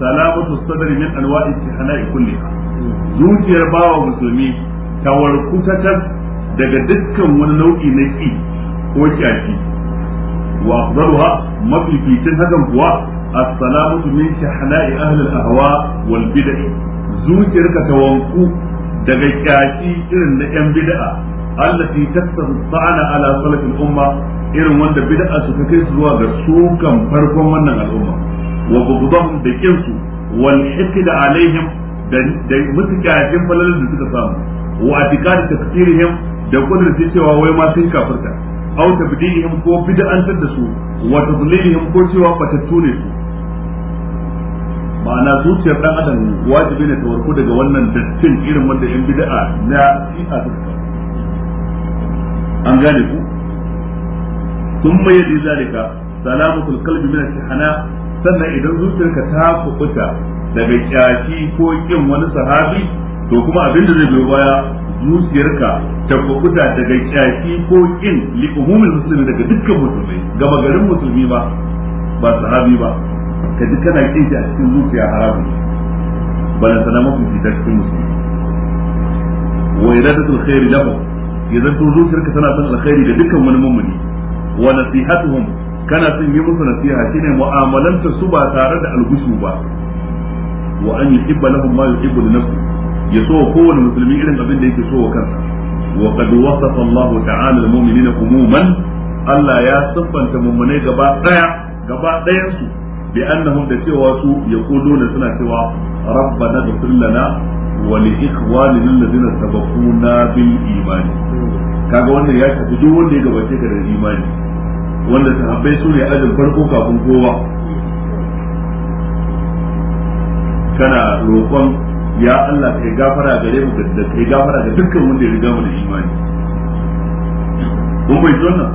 salamatu sadri min anwa'i tihana'i kulliha zuciyar bawa musulmi ta warkutatar daga dukkan wani nau'i na ki ko kyashi wa afdaluha mafificin hakan kuwa as-salamatu min shahna'i ahli al-ahwa wal bid'ah zuciyar ka ta wanku daga kyashi irin na yan bid'a allati tasabu ta'ana ala salaf al-umma irin wanda bid'a su kai su zuwa ga sukan farkon wannan al'umma wa bughdahum da kinsu wal hikd alaihim da mutukajin falalar da suka samu wa atikad takfirihim da kudurci cewa wai ma sun kafirta aw tabdilihim ko bid'antar da su wa tadlilihim ko cewa batattu ne su ma'ana zuciyar dan adam wajibi ne ta warku daga wannan dattin irin wanda yan bid'a na shi'a suka an gane ku ثم يلي ذلك سلامة القلب من الشحناء sannan idan zuciyarka ta kubuta daga kyashi ko kin wani sahabi to kuma abin da zai biyo baya zuciyarka ta kubuta daga kyashi ko kin li umumil muslimi daga dukkan musulmi gaba garin musulmi ba ba sahabi ba ka ji kana kin shi a cikin zuciya haramun balan sana mafi fitar cikin musulmi wa iradatul khairi lahu idan to zuciyarka tana son alkhairi da dukkan wani mummuni wa nasihatuhum kana son yi musu nasiha shine mu'amalanta su ba tare da algushu ba wa an yuhibba lahum ma yuhibbu li nafsi ya so kowane musulmi irin abin da yake so wa kansa wa qad wasafa Allahu ta'ala al-mu'minina umuman Allah ya siffanta mummunai gaba daya gaba dayan su bi annahum da cewa su yaquluna suna cewa rabbana ighfir lana wa li ikhwanina alladhina sabaquna bil iman kaga wannan ya tafi duk wanda ya gabace ka da imani wanda sahabbai su ne ajin farko kafin kowa kana roƙon ya Allah ka yi gafara gare mu da yi gafara ga dukkan wanda ya riga mu da imani kuma bai wannan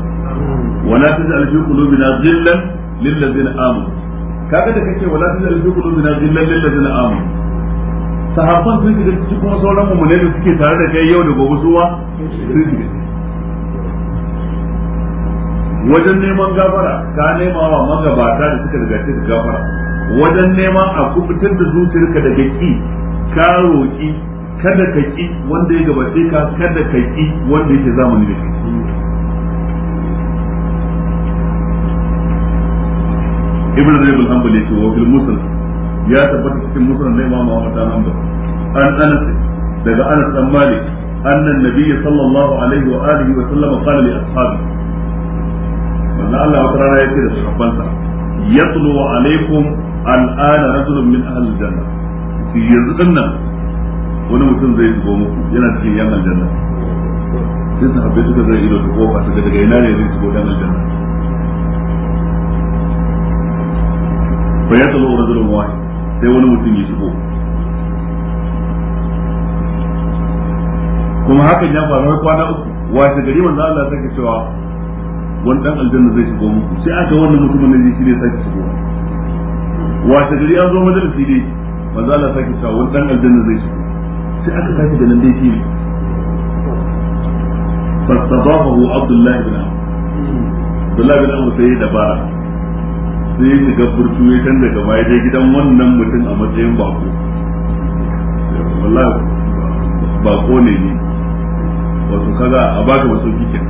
wala taj'al fi na zillan lilla ladzina amanu kaga da kake wala taj'al fi qulubina na zillan ladzina amanu sahabban sun shiga cikin kuma sauran mu ne da suke tare da kai yau da gobe suwa sun shiga wajen neman gafara ka nema wa magabata da suka rigace da gafara wajen nema a kubutar da zuciyarka daga ki ka roƙi kada ka ki wanda ya gabace ka kada ka ki wanda yake zamani da kai ibn zayd bin hanbali ce wa fil musnad ya tabbata cikin musnad na imam Ahmad bin hanbal an anas daga anas bin malik anna an-nabiy sallallahu alaihi wa alihi wa sallam qala li ashabihi manzo Allah wata rana ya ce da sahabbansa yatlu alaikum al'ana rajulun min ahli janna shi yanzu dinnan wani mutum zai zo muku yana cikin yan aljanna sai sahabbai suka zai ido su kofa suka daga ina ne zai shigo yan aljanna fa yatlu rajulun wahid sai wani mutum ya shigo kuma hakan ya faru kwana uku wace gari manzo Allah take cewa wani dan aljanna zai shigo muku sai aka wannan mutumin ne shi ne sake shigo wata gari an zo majalisi ne maza Allah sake cewa wani dan aljanna zai shigo sai aka sake ganin dai shi ne fastabahu Abdullahi bin Amr Abdullahi bin Amr sai ya dabara sai ya shiga burtu ya canza gaba ya je gidan wannan mutum a matsayin bako wallahi bako ne ne wato kaza a baka wasu kikin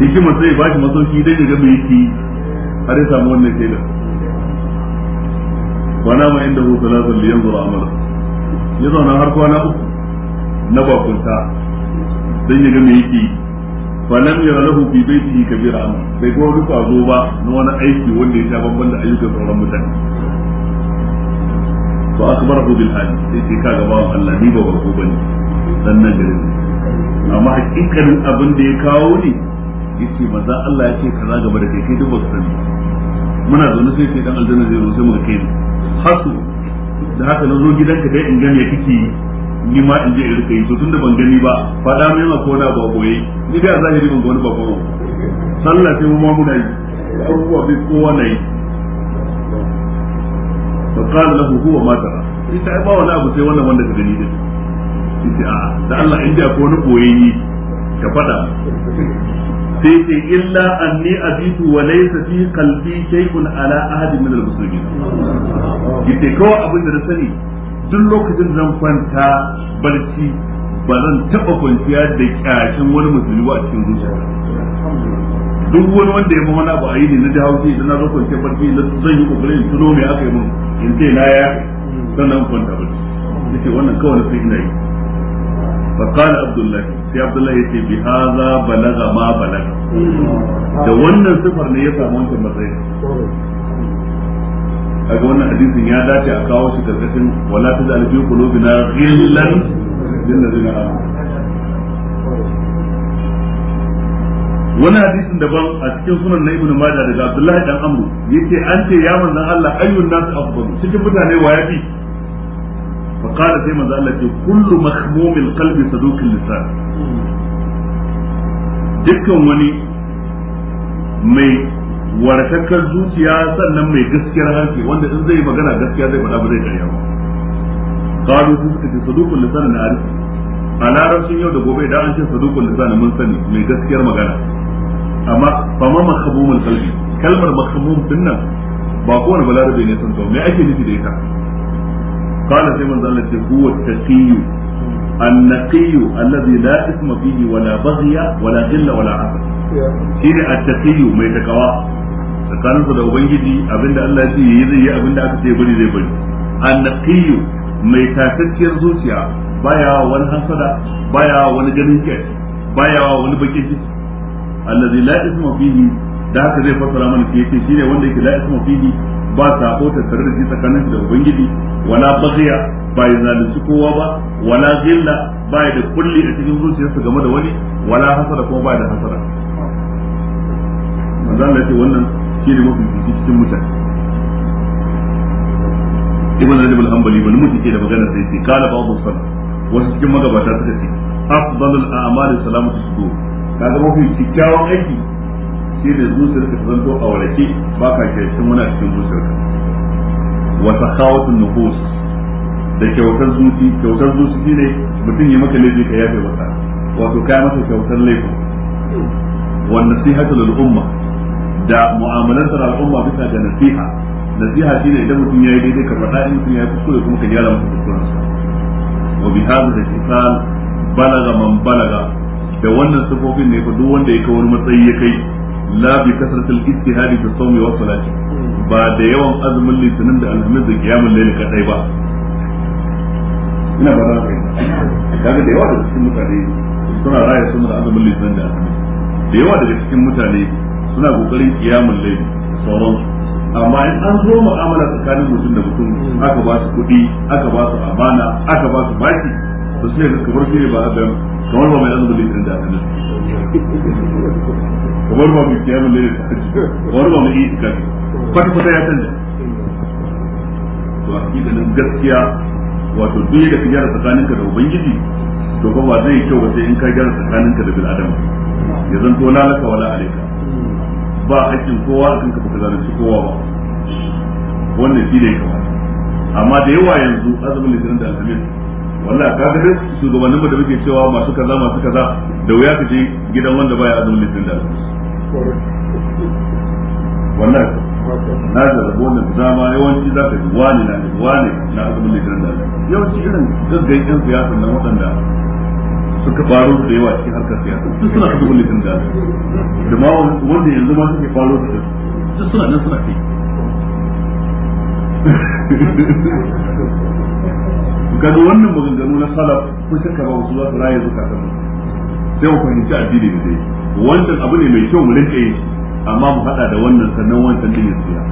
hikimar sai ba shi masauki dai ga mai yake har ya samu wannan shaida wana ma inda hu salatun li yanzura amala ya zauna har kwana uku na bakunta dan ya ga me yake falam yara lahu fi baitihi kabira amma sai kuma duka zo ba na wani aiki wanda ya sha bamban da ayyukan sauran mutane to akbaru bil hali sai ce ka gaba Allah ni ba ba ko bane dan nan gare amma hakikanin abin da ya kawo ni yace manzo Allah ya ce kaza gaba da kai kai duk baka sani muna zaune sai kai dan aljanna zai zo sai mu kai hasu da haka na zo gidanka dai in gane kike ni ma in je in rika yi to tunda ban gani ba fada mai ma ko na ba boye ni da zahiri ban ga wani ba ko sallah sai mu ma muna yi abubuwa bai kowa na yi فقال له هو ما ترى انت ba wani abu sai wannan wanda ka gani din yace a da Allah in da ko boye ni ka fada sai ce illa anni abitu wa laysa fi qalbi shay'un ala ahadi min al-muslimin yace kawai abin da na sani duk lokacin zan kwanta barci ba zan taba kwanciya da kyashin wani musulmi ba a cikin zuciya duk wani wanda ya mamana ba a yi ne na da haushi idan na zo kwanciya barci na zan yi kokarin in tuno me aka yi mun in ce na ya sannan kwanta barci yace wannan kawai na sai ina yi فقال عبد الله sai Abdullah ya ce bi haza balaga ma balaga da wannan sifar ne ya samu wancan matsayi kaga wannan hadisin ya dace a kawo shi karkashin wala ta zalfi qulubina ghillan lil ladina amanu wannan hadisin daban a cikin sunan na ibnu majah daga Abdullahi dan Amr yace an ce ya manzon Allah ayyun nas afdal cikin mutane wa fi. qala sai manzo Allah ce kullu mahmumil qalbi saduqul lisan dukkan wani mai warakakkar zuciya sannan mai gaskiyar harshe wanda in zai magana gaskiya zai faɗa ba zai karya ba qalu su suka ce saduqul lisan na arif a larabcin yau da gobe idan an ce saduqul lisan mun sani mai gaskiyar magana amma fama mahmumul qalbi kalmar mahmum din nan ba kowane balarabe ne san to me ake nufi da ita qala sai manzo Allah ce النقي الذي لا اسم فيه ولا بغي ولا غل ولا عسل شيء التقي mai takawa tsakanin da ubangiji abinda Allah ya ce yayi zai yi abinda aka ce bari zai bari annaqiyu mai tatacciyar zuciya baya wani hasada baya wani ganin kai baya wani bakin ciki allazi la isma fihi da haka zai fassara mana shi yace shine wanda ba sa ta tare da shi tsakanin da ubangiji wala baghiya ba ya zalunci kowa ba wala ghilla ba ya da kulli a cikin zuciyarsa game da wani wala hasara kuma ba ya da hasara manzo Allah ce wannan shi ne mafi fici cikin mutane ibn Rajab al-Hanbali wani mutum ke da magana sai ce kala ba'd salaf wasu cikin magabata suka ce afdalul a'mali salamatu sudur kaga mafi kikkiawan aiki shi da zuciyar ka zanto a warake ba ka kyashin wani a cikin zuciyar ka wa sakawatun nufus da kyautar zuci kyautar zuci ne mutum ya maka laifi ka yafe masa wato yi masa kyautar laifi wa nasihatu lil umma da mu'amalantar al'umma bisa ga nasiha nasiha ne idan mutum yi daidai ka faɗa in mutum yi kuskure kuma ka gyara masa kuskurensa wa bi hadha da ihsan balaga man balaga da wannan sifofin ne fa duk wanda ya kai wani matsayi ya kai la bi kasratil ijtihadi fi sawmi wa salati ba da yawan azumin litinin da alhamis da kiyamul layl kadai ba ina ba za ka yi kaga da yawa daga cikin mutane suna raya sunnar azumin litinin da alhamis da yawa daga cikin mutane suna amma in an zo mu'amala tsakanin mutum da mutum aka ba su kuɗi aka ba su amana aka ba su baki to sai ka kamar shi ba a kamar ba mai azumin litinin da alhamis kamar ba mu kiyamun da kamar ba mu yi iskafi kwata kwata ya canza to a nan gaskiya wato duk da ka gyara ka da ubangiji to ba ba zai kyau sai in ka gyara tsakanin ka da bil adam ya zanto lalaka wala alaika ba hakkin kowa akan ka baka zalunci kowa ba wannan shi ne kamar amma da yawa yanzu azumin litinin da alhamis wallah ka ga dai shugabannin da muke cewa masu kaza masu kaza da wuya ka je gidan wanda baya azumin litinin da alhamis wannan na da rabo da dama yawanci za ka ji wani na wani na azumin litinin da yawanci irin gaggai yan siyasa nan waɗanda suka faro da yawa cikin harkar siyasa duk suna azumin litinin da da ma wanda yanzu ma suke faro da duk suna nan suna kai kaga wannan maganganu na salaf ko shakka ba su za su raye zukatan sai ku fahimci addini da dai wannan abu ne mai kyau mu rinka yi amma mu hada da wannan sannan wancan din ya tsira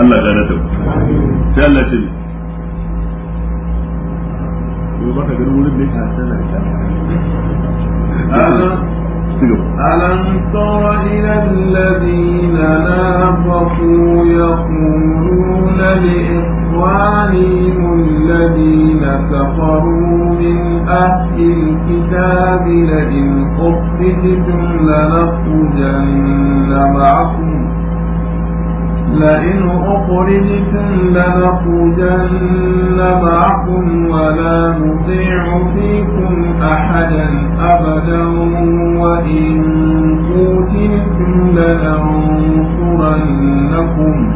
Allah ya da sai Allah ce yau baka ganin wurin da ya tsara da ألم تر إلى الذين نافقوا يقولون لإخوانهم إخوانهم الذين كفروا من أهل الكتاب لئن أخرجتم لنخرجن معكم لئن أخرجتم لنخرجن معكم ولا نطيع فيكم أحدا أبدا وإن قوتلتم لننصرنكم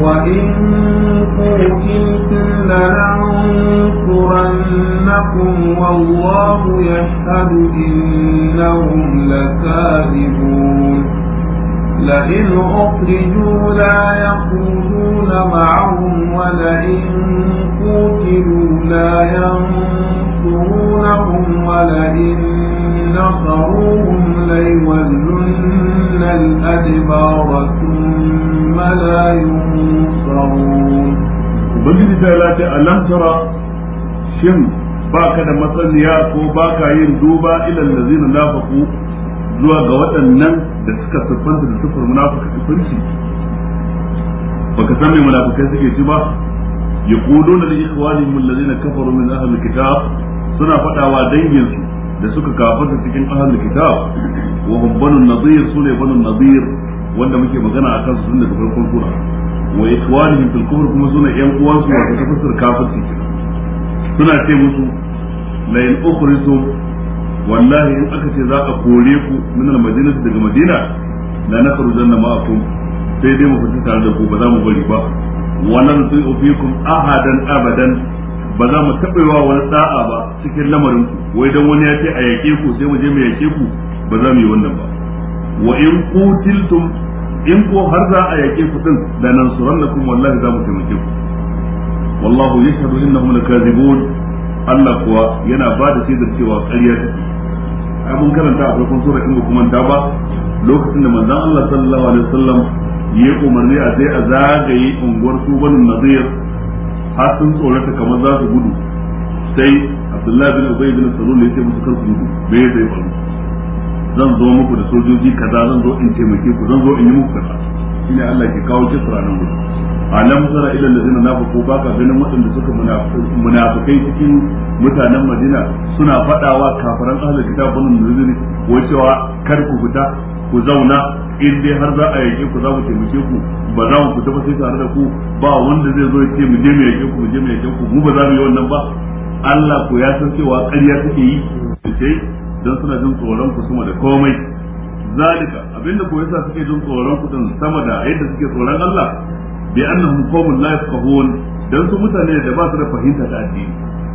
وإن قوتلتم لننصرنكم والله يشهد إنهم لكاذبون لئن أخرجوا لا يخرجون معهم ولئن قوتلوا لا ينصرونهم ولئن نصروهم ليولن الأدبار ثم لا ينصرون ubangiji ta lati alam tara shin baka da matsaniya ko baka yin duba ila allazina nafaqu zuwa ga waɗannan da suka siffanta da sifar munafiki Ba ka san me munafikai suke ci ba yaquluna li ikhwanihim allazina kafaru min ahli kitab suna faɗawa danginsu. da suka kafarta cikin ahlul kitab wa hum banu nadir sune banu nadir wanda muke magana akan su tun daga farkon sura wa ikhwanihim fil kufr kuma sune yan uwansu wato tafsir kafirci suna ce musu la in ukhrijum wallahi in aka ce za a kore ku min al madina daga madina la nakhrujanna ma'akum sai dai mu fita tare da ku ba za mu bari ba wa lan tu'fikum ahadan abadan ba za mu taɓa wa wani da'a ba cikin lamarin ku wai don wani ya ce a yake ku sai mu je mu yake ku ba za mu yi wannan ba wa in qutiltum in ko har za a yake ku din da nan surannakum wallahi za mu taimake ku wallahu yashhadu innahum lakazibun Allah kuwa yana ba da shaidar cewa ƙarya ta. ai mun karanta a farkon sura in kuma ta ba lokacin da manzon Allah sallallahu alaihi wasallam ya umarni a sai a zagaye unguwar su banin nazir har sun tsorata kamar za su gudu sai abdullahi bin ubay bin salul ya musu kar ku gudu me zai faru zan zo muku da sojoji kaza zan zo in taimake ku zan zo in yi muku kaza ina Allah ke kawo kisra nan gudu alam zara ila allazina nafaqu baka ganin waɗanda suka munafikai cikin mutanen Madina suna fadawa kafaran ahlul kitab bin nuzuri ko cewa kar ku fita ku zauna in dai har za a yake ku za ku taimake ku ba za mu fita ba sai tare da ku ba wanda zai zo ya ce mu je mu yake ku mu je mu yake ku mu ba za mu yi wannan ba Allah ku ya san cewa ƙarya take yi sai dan suna jin tsoron ku sama da komai zalika abinda ko yasa suke jin tsoron ku din sama da yadda suke tsoron Allah bi annahum qawmun la yafqahun dan su mutane da ba su da fahimta da addini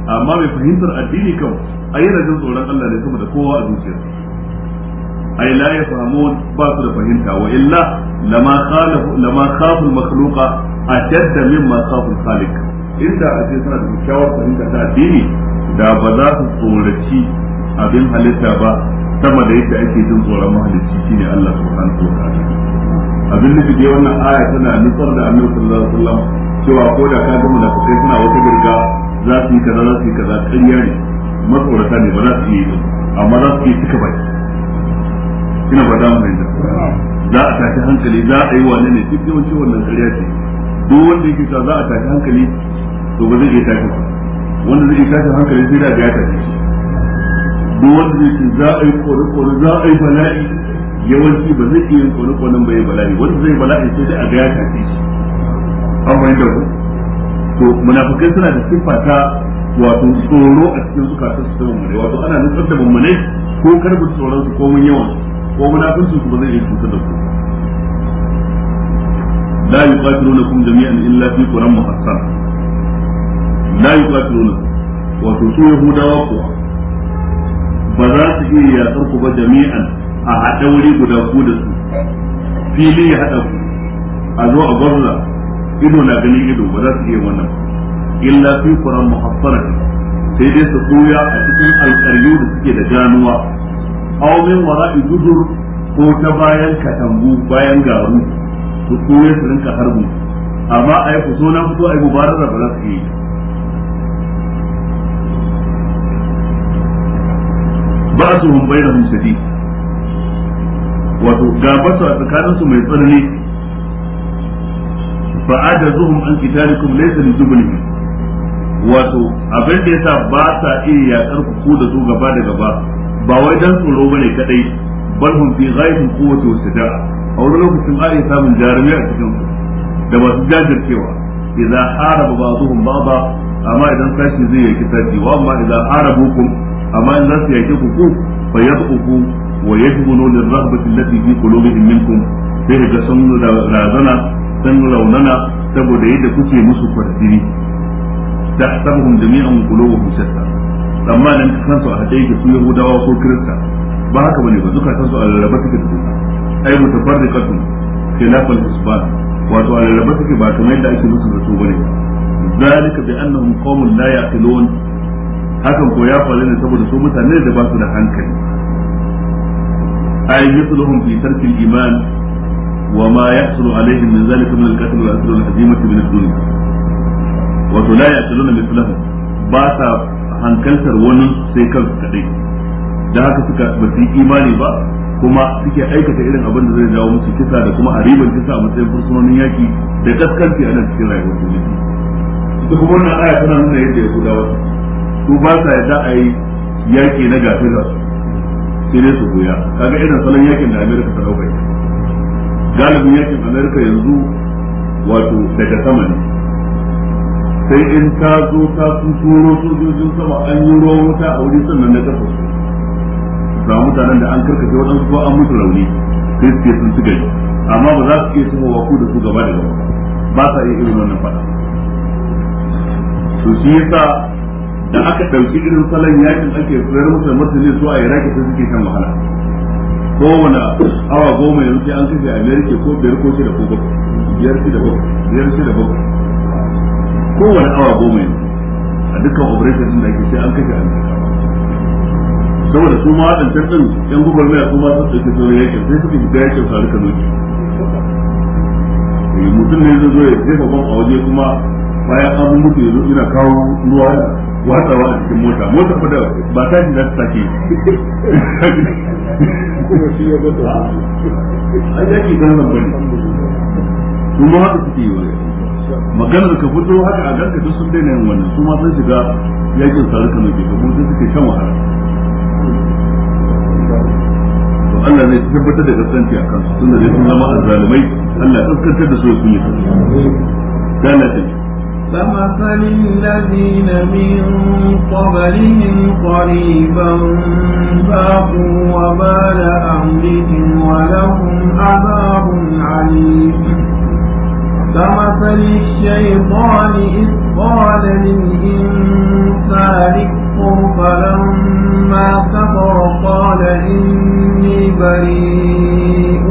amma mai fahimtar addini kawai ayyana jin tsoron Allah ne sama da kowa a zuciyarsa ay la yafhamun ba su da fahimta wa illa lama khalahu lama khaful makhluqa ashadda mimma khaful khaliq inda a ce suna da kyakkyawar fahimta ta addini da ba za su tsoraci abin halitta ba sama da yadda ake jin tsoron mahalicci shine Allah subhanahu wa ta'ala abin da ke aya tana nutsar da Annabi sallallahu alaihi wasallam cewa ko da ka suna wata girga za su yi kaza za su yi kaza ne ba su yi amma za su ina ba da mai da za a tashi hankali za a yi wane ne cikin yawanci wannan ƙarya ce duk wanda yake sa za a tashi hankali to ba zai iya tashi ba wanda zai iya tashi hankali sai da ya tashi shi duk wanda zai ce za a yi kore-kore za a yi bala'i yawanci ba zai iya yin kore ba ya bala'i wanda zai bala'i sai da a ya tashi shi an bai da ku to munafikai suna da siffa ta wato tsoro a cikin zukatan su ta mummune wato ana nufar da ne ko karbi tsoron su ko mun yawan ko munafincin su ba zai iya cutar da ku la yuqatilunakum jami'an illa fi quran muhassana la yuqatilunakum wato su yahudawa kuwa ba za su iya yatsar ku ba jami'an a haɗa wuri guda ku da su fili ya haɗa ku a zo a gwarza ido na ganin ido ba za su iya wannan illa fi quran muhassana sai dai su koya a cikin alƙaryu da suke da ganuwa aw min wara'i gudur ko ta bayan katambu bayan garu su koye su rinka harbu amma a yi fito na fito a yi mubarar da ba su yi ba su hun da musadi. shadi wato gabata a tsakaninsu mai tsanani fa zuhun an qitalikum laysa li jubnihim wato abin da yasa ba sa iya yakar ku da su gaba da gaba ba wai dan tsoro bane kadai bal hum fi ghaibin quwwati wa shaja'a a wani lokacin ai samun jarumi a cikin su da masu jajircewa idza haraba ba ba amma idan sashi zai yaki sashi wa amma idan idza harabukum amma in za su yaki ku ku fa yadquku wa ya yajbunu lirrahbati allati fi qulubihim minkum sai ga sun razana sun raunana saboda yadda kuke musu kwartiri tahsabuhum jami'an qulubuhum shatta tsammanin kansu a haɗe yake su yahudawa ko kirista ba haka bane ba zukatan su a lallaba take da juna ai mutafarriqatu khilafal isbat wato a lallaba take ba kamar yadda ake musu zato bane zalika bi annahum qaumun la yaqilun hakan ko ya faru ne saboda su mutane da ba su da hankali ai yusluhum fi tarkil iman wa ma yahsulu alaihim min zalika min al-qatl wa al-hazimati min ad-dunya wa la yaqiluna mithlahum ba ta hankaltar wani sai kan kadai da haka suka ba su yi imani ba kuma suke aikata irin abin da zai jawo musu kisa da kuma a riban kisa a matsayin fursunonin yaki da kaskanci a nan cikin rayuwar duniya ita kuma wannan aya tana nuna yadda ya wasu su ba sa yadda a yi yaki na gafira sai dai su goya kaga irin salon yakin da amerika ta ɗaukai galibin yakin amerika yanzu wato daga sama ne sai in ta zo ta sun turo sojojin sama an yi ruwan wuta a wuri sannan na kafa su ga mutanen da an karkace waɗansu ko an mutu rauni sai ke sun su gani amma ba za su iya su wa ku da su gaba da gaba ba sa iya irin wannan faɗa su shi yasa da aka ɗauki irin salon yakin ake tsayar musu da martani su a iraki sai suke kan wahala ko wani awa goma yanzu sai an kashe amerika ko biyar ko shida ko bakwai biyar shida bakwai biyar shida bakwai kowane awa goma yanzu a dukkan operation din da ake sai an kashe an kashe saboda su ma waɗancan ɗin yan gubar mai su ma sun ɗauki sauran yakin sai suka shiga yakin faru ka noki eh, mutum ne zai zo ya jefa ban a waje kuma bayan an mutu ya zo ina kawo ruwa watsawa a cikin mota mota fa da ba ta ji za ta sake an yaki zan bane su ma haka suke yi wani maganar ka fito haka a ganka duk sun daina yin wannan su ma sun shiga yakin sarka mai kika kuma sun suke shan wahala to Allah ne tabbatar da kasance a kansu tun da sun zama azzalimai Allah ya kaskantar da su su ne dan na فمثل الذين من قبلهم قريبا ذاقوا وبال أمرهم ولهم عذاب عليم كمثل الشيطان إذ قال للإنسان اكفر فلما كفر قال إني بريء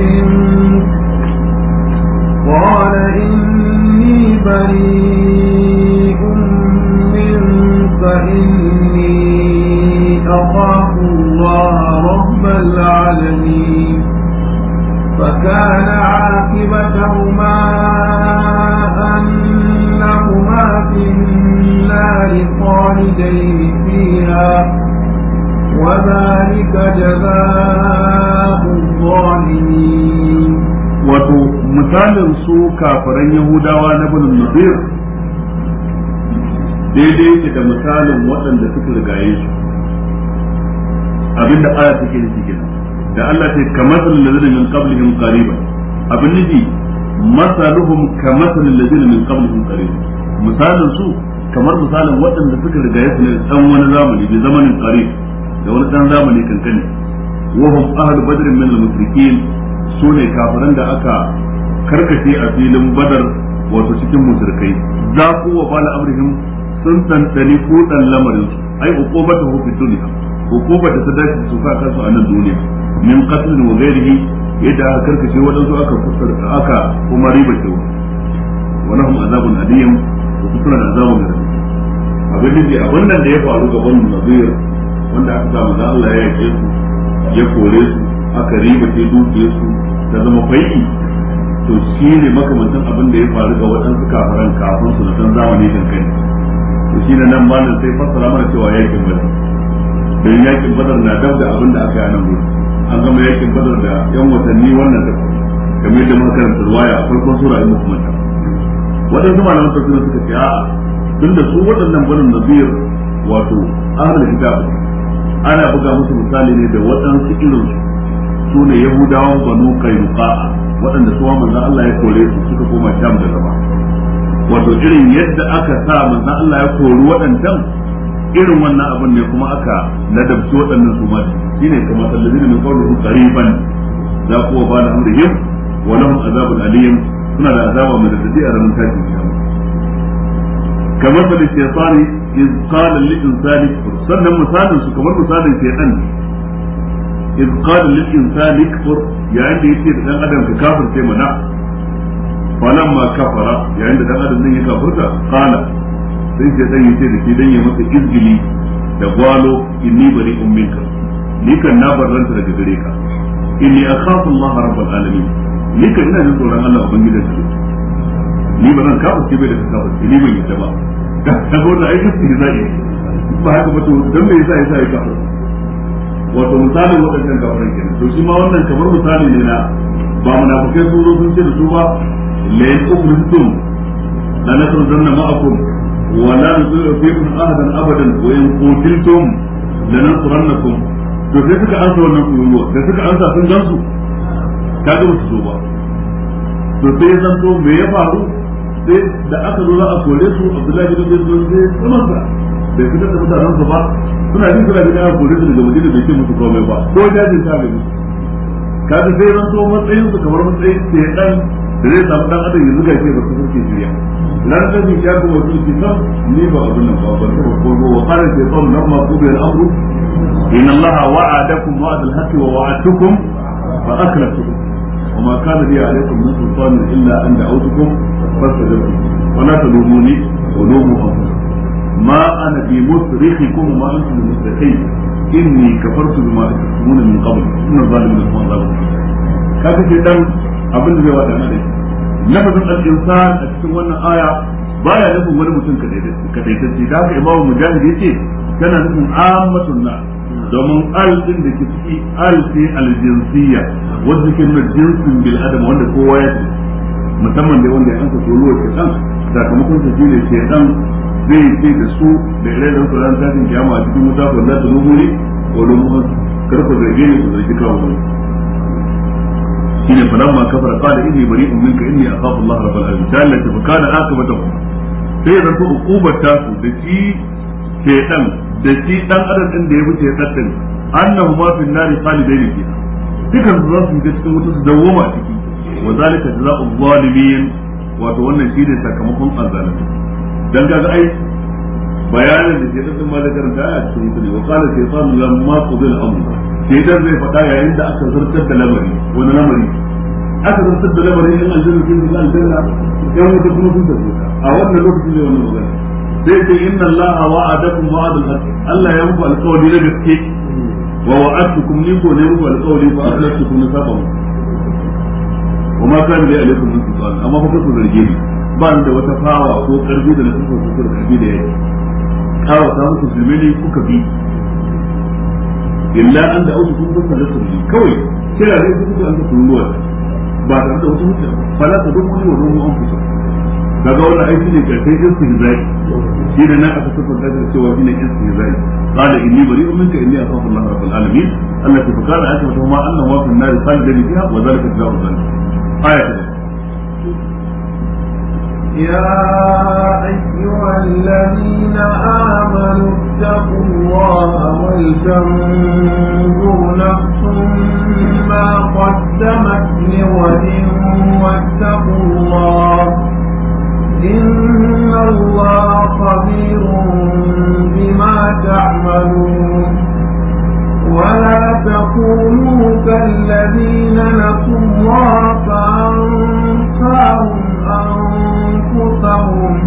منك قال إني بريء منك إني أخاف الله رب العالمين فكان عاقبتهما أنهما في النار خالدين فيها وذلك جزاء الظالمين wato misalin su kafiran yahudawa na bin nazir daidai ke da misalin waɗanda suka rigaye su abinda aya take nufi kenan da Allah ce kamasal ladina min qablihim qariba abin nufi masaluhum kamasal ladina min qablihim qariba misalin su kamar misalin waɗanda suka riga ya ne dan wani zamani bi zamanin qarib da wani ɗan zamani kankani wa hum ahlu min al-mushrikin sune kafiran da aka karkace a filin badar wato cikin mushrikai za ku wa bala amrihim sun tantani ko lamarin su ai uqubatu fi dunya uqubar da ta dace su ka kansu a nan duniya min qatlin wa ghairihi yadda aka karkace wadansu aka kusur aka kuma riba ce wa lahum azabun aliyum wa kusura da azabun da abin da abin nan da ya faru ga wannan nazir wanda aka samu manzo Allah ya yake su ya kore su aka riba ce duke su da zama faiki to shi ne makamantan abin da ya faru ga waɗansu kafiran kafin su na san zamani kai to shi ne nan malam sai fassara mana cewa yakin badar don yakin badar na dab da abin da aka yi nan gudu an gama yakin badar da yan watanni wannan da kamar yadda muka karanta waya a farkon sura in muka manta waɗansu malaman tafsir suka ce a'a tun da su waɗannan banin nazir wato ahlul kitab ana buga musu misali ne da waɗansu irin su ne yahudawan banu kainuka waɗanda suwa manzon Allah ya kore su suka koma sham da zama wato irin yadda aka sa manzon Allah ya kori waɗannan irin wannan abin ne kuma aka ladabci waɗannan su ma shine kama alladhina min qawlihim qariban za kuwa ba da amrihim wa lahum azabun alim suna da azaba mai radadi a ranar tashin kiyama kamar da shaytani iz qala lil insani sannan misalin su kamar misalin shaytan iz qala lil insani kfur yayin da yake da dan adam ka kafirce mana falamma kafara yayin da dan adam din ya kafirta qala sai shaytan yace da shi dan ya masa izgili da gwalo inni bari umminka nikan na barranta daga gare ka inni akhafu Allah rabbul alamin nikan ina jin tsoron Allah ubangijin su ni ba zan kafa bai da kafa ce ni ban yi ba ta ga wannan aikin su zai ba haka ba to dan me yasa yasa ya kafa wato misalin wadannan kafaran kenan to shi ma wannan kamar misali ne na ba munafikai sun zo sun ce da su ba la yakufrutum la nasrudanna ma'akum wa la nusiru fiikum ahadan abadan wa in qutiltum lanansurannakum to sai suka ansa wannan kuruwa. da suka ansa sun gansu ta ga wasu zo ba to sai ya zanto me ya faru sai da aka zo za a kore su abdullahi bin zai zo sai tsamansa bai fitar da mutanen su ba suna jin suna jin a kore su daga madina bai ce musu komai ba ko jajin ta gani ga sai zanto matsayin su kamar matsayin dan da zai samu dan adam ya zuga ke ba su suke juriya lantarki ya kuma sun ci kan ni ba abin nan ba ban taɓa ko wa ƙarin shaidan nan ma ko bai al'amuru إن الله وعدكم وعد الحق ووعدتكم فأخلفتكم وما كان لي عليكم من سلطان إلا أن دعوتكم فاستجبتم ولا تلوموني ولوموا أنفسكم ما أنا بمصرخكم وما أنتم بمصرخين إني كفرت بما تكتمون من قبل إن الظالمين هم الظالمون kaga sai dan abin da zai wada na dai lafazin al-insan a cikin wannan aya baya nufin wani mutum kadai kadai sai da haka imamu mujahid yace tana nufin ammatun nas domin al din da ke ciki al ce aljinsiyya wanda ke nuna jinsin bil adam wanda kowa ya ce musamman da wanda ya ke sakamakon su ke zai ce da su da su a cikin wuta ko za su ko lumun karfa zage ne su kawo kafara qala inni bari'un minka inni akhafu Allah alamin ta sai da da shi ke da shi dan adam din da ya wuce tsaddin annahu ma fi nari qalidain fi dukan su za su shiga cikin wuta su dawoma a ciki wa zalika jazaa'u zalimin wato wannan shi ne sakamakon azzalimi dan kaga ai bayanin da ke tsaddin ma da karanta a cikin wuta ne wa qala shaytanu lamma qudil amr shaytan zai faɗa yayin da aka zartar da lamari wani lamari aka zartar da lamari in aljanna sun shiga aljanna yan wuta kuma sun tafi a wannan lokacin ne wannan magana sai ce inna allaha wa'adakum wa'adul haqq Allah ya muku alƙawari na gaske wa wa'adtukum ni ko ne muku alƙawari fa akhlaftukum na saba wa ma kana li alaikum min sultan amma fa kuka zarge ni ba ni da wata fawa ko karfi da na kuka kuka karfi da yake kawa ta muku zulmi kuka bi illa an da auku kun kuka da sulmi kawai kira ne kuka an kuka ruwa ba tare da wata hujja fala ta dukkan wa ruwa an kusa kaga wannan ai shine karshen zai shi ne na aka sifanta da cewa shi ne shine zai kada inni bari bari'un ka inni akhafu Allah rabbul alamin Allah ta fuka da aka mata wa annahu wa sai da ni fiha wa zalika jazaa'u zalim ayatu ya أيها الذين آمنوا اتقوا الله ولتنظر نفس ما قدمت لغد واتقوا الله إن الله خبير بما تعملون ولا تكونوا كالذين نسوا الله فأنساهم أنفسهم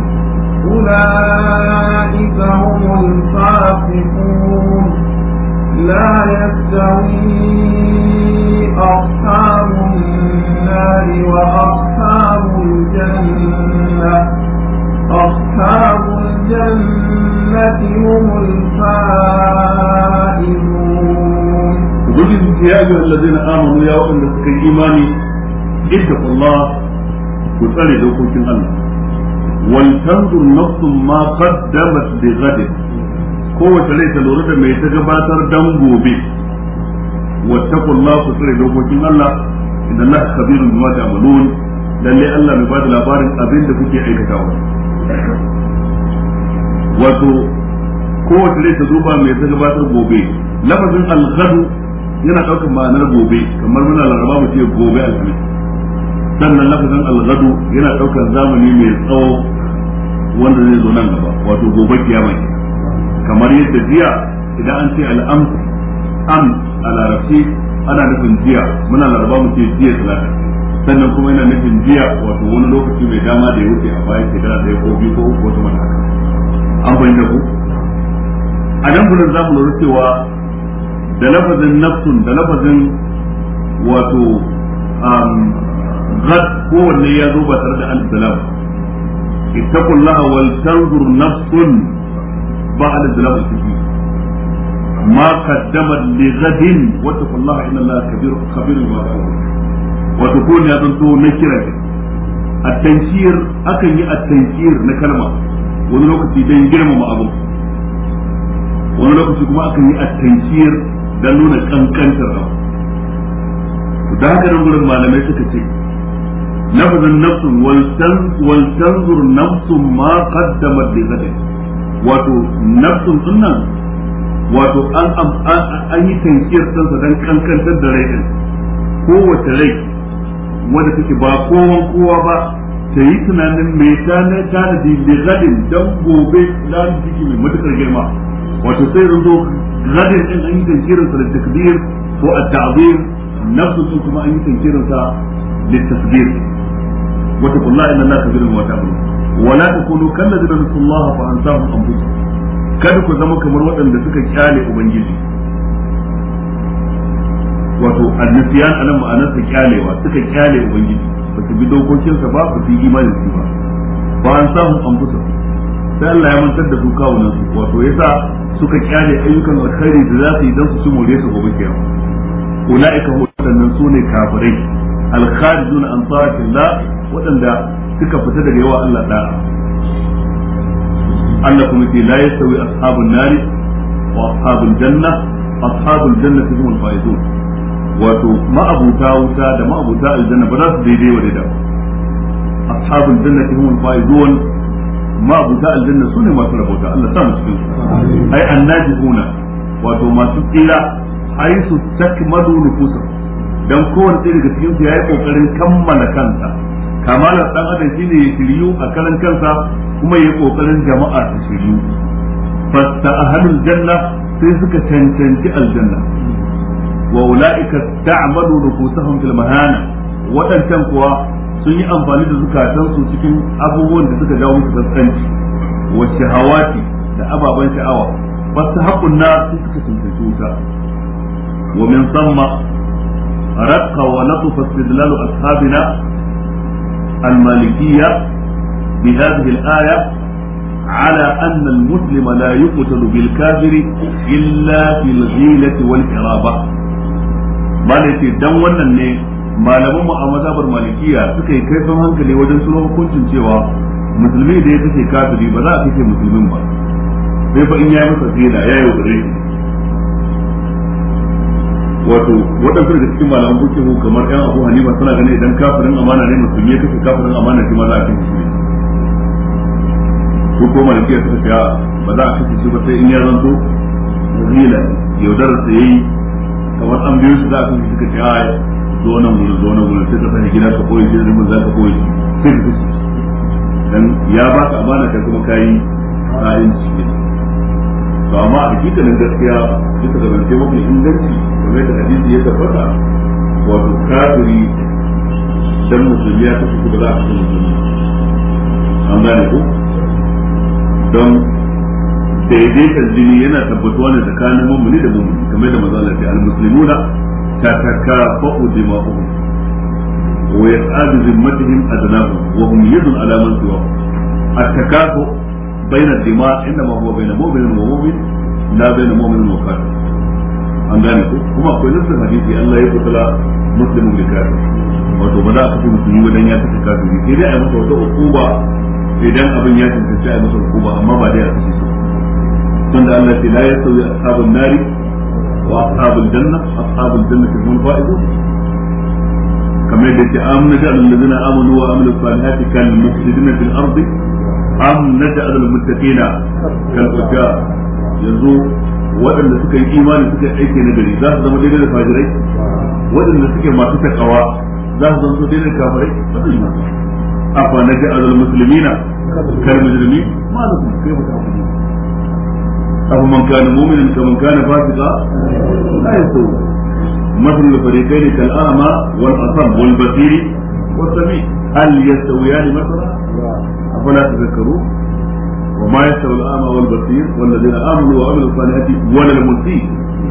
أولئك هم الفاسقون لا يستوي أصحاب النار وأصحاب الجنة ya ayyuhal ladzina amanu ya wanda suka yi imani ittaqullah ku tsare dokokin Allah wal tanzur nafsun ma qaddamat bi ghadin kowace rai ta mai ta gabatar dan gobe wattaqullah ku tsare dokokin Allah inna Allah khabirun bima ta'malun lalle Allah mai bada labarin abin kuke aikatawa wato kowace rai ta mai ta gabatar gobe lafazin al yana daukan ma'anar gobe kamar muna laraba mu ce gobe alhamis sannan lafazin algadu yana daukan zamani mai tsawo wanda zai zo nan gaba wato gobe kiyama kamar yadda jiya idan an ce al'am am a larabci ana nufin jiya muna laraba mu ce jiya talata sannan kuma yana nufin jiya wato wani lokaci mai dama da ya wuce a baya shekara ɗaya ko biyu ko uku wata mana haka an fahimta ku a nan gudun za mu lura cewa da lafazin nafsun da lafazin wato um, gad kowanne ya zo ba tare da al-zalam laha wal tanzur nafsun ba al-zalam ciki ma qaddamat li ghadin wattaqullaha inna allaha kabir khabirun bima ta'malun wato kowanne ya zanto na kira at-tanshir akan yi at-tanshir na kalma wani lokaci dan girmama abu wani lokaci kuma akan yi at-tanshir dan nuna kankantar abu da haka nan gurin malamai suka ce lafazin nafsun wal tanzur nafsun ma qaddamat da ghadin wato nafsun sunan, wato an an yi tankiyar sansa don kankantar da rai din kowace rai wanda take ba kowan kowa ba ta yi tunanin mai tana tanadi da ghadin dan gobe da take mai matukar girma wato sai zo gadin din an yi tankirin sa da takbir ko at-ta'zim nafsu su kuma an yi tankirin sa da tasbir wata kullahi inna allaha kabirun wa ta'ala wala takunu kallazina nasallaha fa ansahum anfusahum kada ku zama kamar waɗanda suka kyale ubangiji wato annasiyan anan ma'anar su kyalewa suka kyale ubangiji ba su bi dokokinsa ba ba su yi imanin su ba ba an samu an fusa sai Allah ya mantar da su kawunan su wato yasa suka kyale ayyukan alkhairi da za su yi dan su ci more su gobe kiyama ulaika hu sannan su ne kafirai alkharijuna an ta'atillah waɗanda suka fita daga yawa Allah da'a Allah kuma ce la yastawi ashabun nari wa ashabul janna ashabul jannati humul faizun wato ma'abuta wuta da ma'abuta aljanna ba za su daidai wa daidai ashabul jannati humul faizun ma ta aljanna su ne masu rabota Allah sa mu cikin su ai wato masu tsira ai su takmadu nufusa dan kowanne daga cikin su yayi kokarin kammala kansa kamalar dan adam shine ya shiryu a karan kansa kuma ya kokarin jama'a su shiryu fasta ahlul janna sai suka cancanci aljanna wa ulaika ta'malu nufusahum fil mahana wadancan kuwa sun yi amfani da zukatansu cikin abubuwan da suka jawo musu kaskanci wa shahawati da ababen sha'awa fastahaqqun na suka tuntuci wuta wa min thamma raqqa wa latafa istidlalu ashabina al-malikiyya bi hadhihi al-aya على أن المسلم لا يقتل بالكافر إلا في الغيلة والقرابة بل في دون النيل malaman mu a mazhabar malikiya suka yi kaifin hankali wajen suna hukuncin cewa musulmi da ya kace kafiri ba za a kace musulmin ba sai fa in yi masa zina yi wuri wato waɗansu da cikin malaman mu kamar ɗan abu hanifa suna ganin idan kafirin amana ne musulmi ya kace kafirin amana shi ma za a kace shi ko ko malikiya suka ce ba za a kace shi ba sai in ya zanto zina yaudarar sa yi kamar an biyo su za a kace shi suka ce zo nan gurin zo nan sai ka sani gida ka koyi shi zama za ka koyi shi sai ka kashe dan ya ba ka amana kai kuma kayi kayan shi to amma a hakikanin gaskiya duka da taimaka mafi inganci game da hadisi ya tabbata wato kafiri dan musulmi ya kashe kuma za a kashe musulmi an gane ko don daidaitan jini yana tabbatuwa ne tsakanin mummuni da mummuni kamar da mazalar da al-muslimuna تتكافأ دماؤهم ويسعد ذمتهم أدناهم وهم يد على من سواهم التكافؤ بين الدماء إنما هو بين مؤمن ومؤمن لا بين مؤمن وكافر an gane ko kuma akwai nassin hadisi Allah ya kutula muslimin da kafir wato ba za a kace musulmi wadan ya kace kafiri sai dai a masa wata hukuma idan abin ya tantance a masa hukuma amma ba dai a kace su tunda Allah ce la yasawi ashabun nari واصحاب الجنه اصحاب الجنه هم الفائزون كما يدعي ام نجعل الذين امنوا وعملوا الصالحات كالمفسدين في الارض ام نجعل المتقين كالفجار yanzu waɗanda suka yi imani suka yi aiki na gari za su zama daidai da fajirai waɗanda suke masu takawa za su zama daidai da kafirai afa na ja'alul muslimina kal mujrimin ma lakum kayfa ta'malun أفمن من كان مؤمنا كمن كان فاسقا لا يستوون مثل الفريقين كالأعمى والأصم والبصير والسميع هل يستويان مثلا؟ أفلا تذكرون وما يستوي الأعمى والبصير والذين آمنوا وعملوا الصالحات ولا المسيء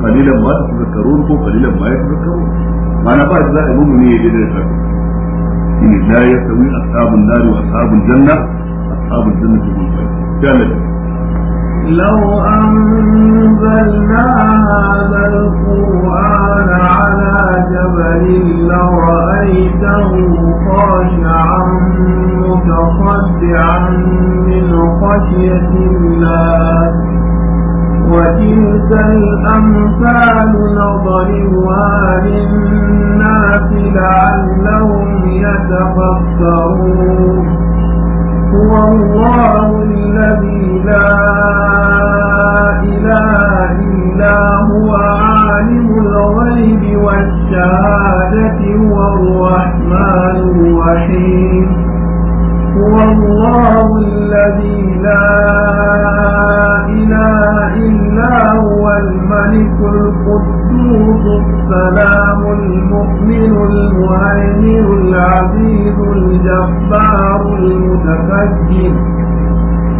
قليلا ما تتذكرون قليلا ما يتذكرون معنى بعد ذلك مؤمن يجد إن لا يستوي أصحاب النار وأصحاب الجنة أصحاب الجنة هم الخير لو أنزلنا هذا القرآن على جبل لرأيته خاشعا متصدعا من خشية الله وتلك الأمثال نضربها للناس لعلهم يتفكرون هو الله الذي لا إله إلا هو عالم الغيب والشهادة هو الرحمن الرحيم هو الله الذي لا إله إلا هو الملك القدس يوسف السلام المؤمن المهيمن العزيز الجبار المتفجر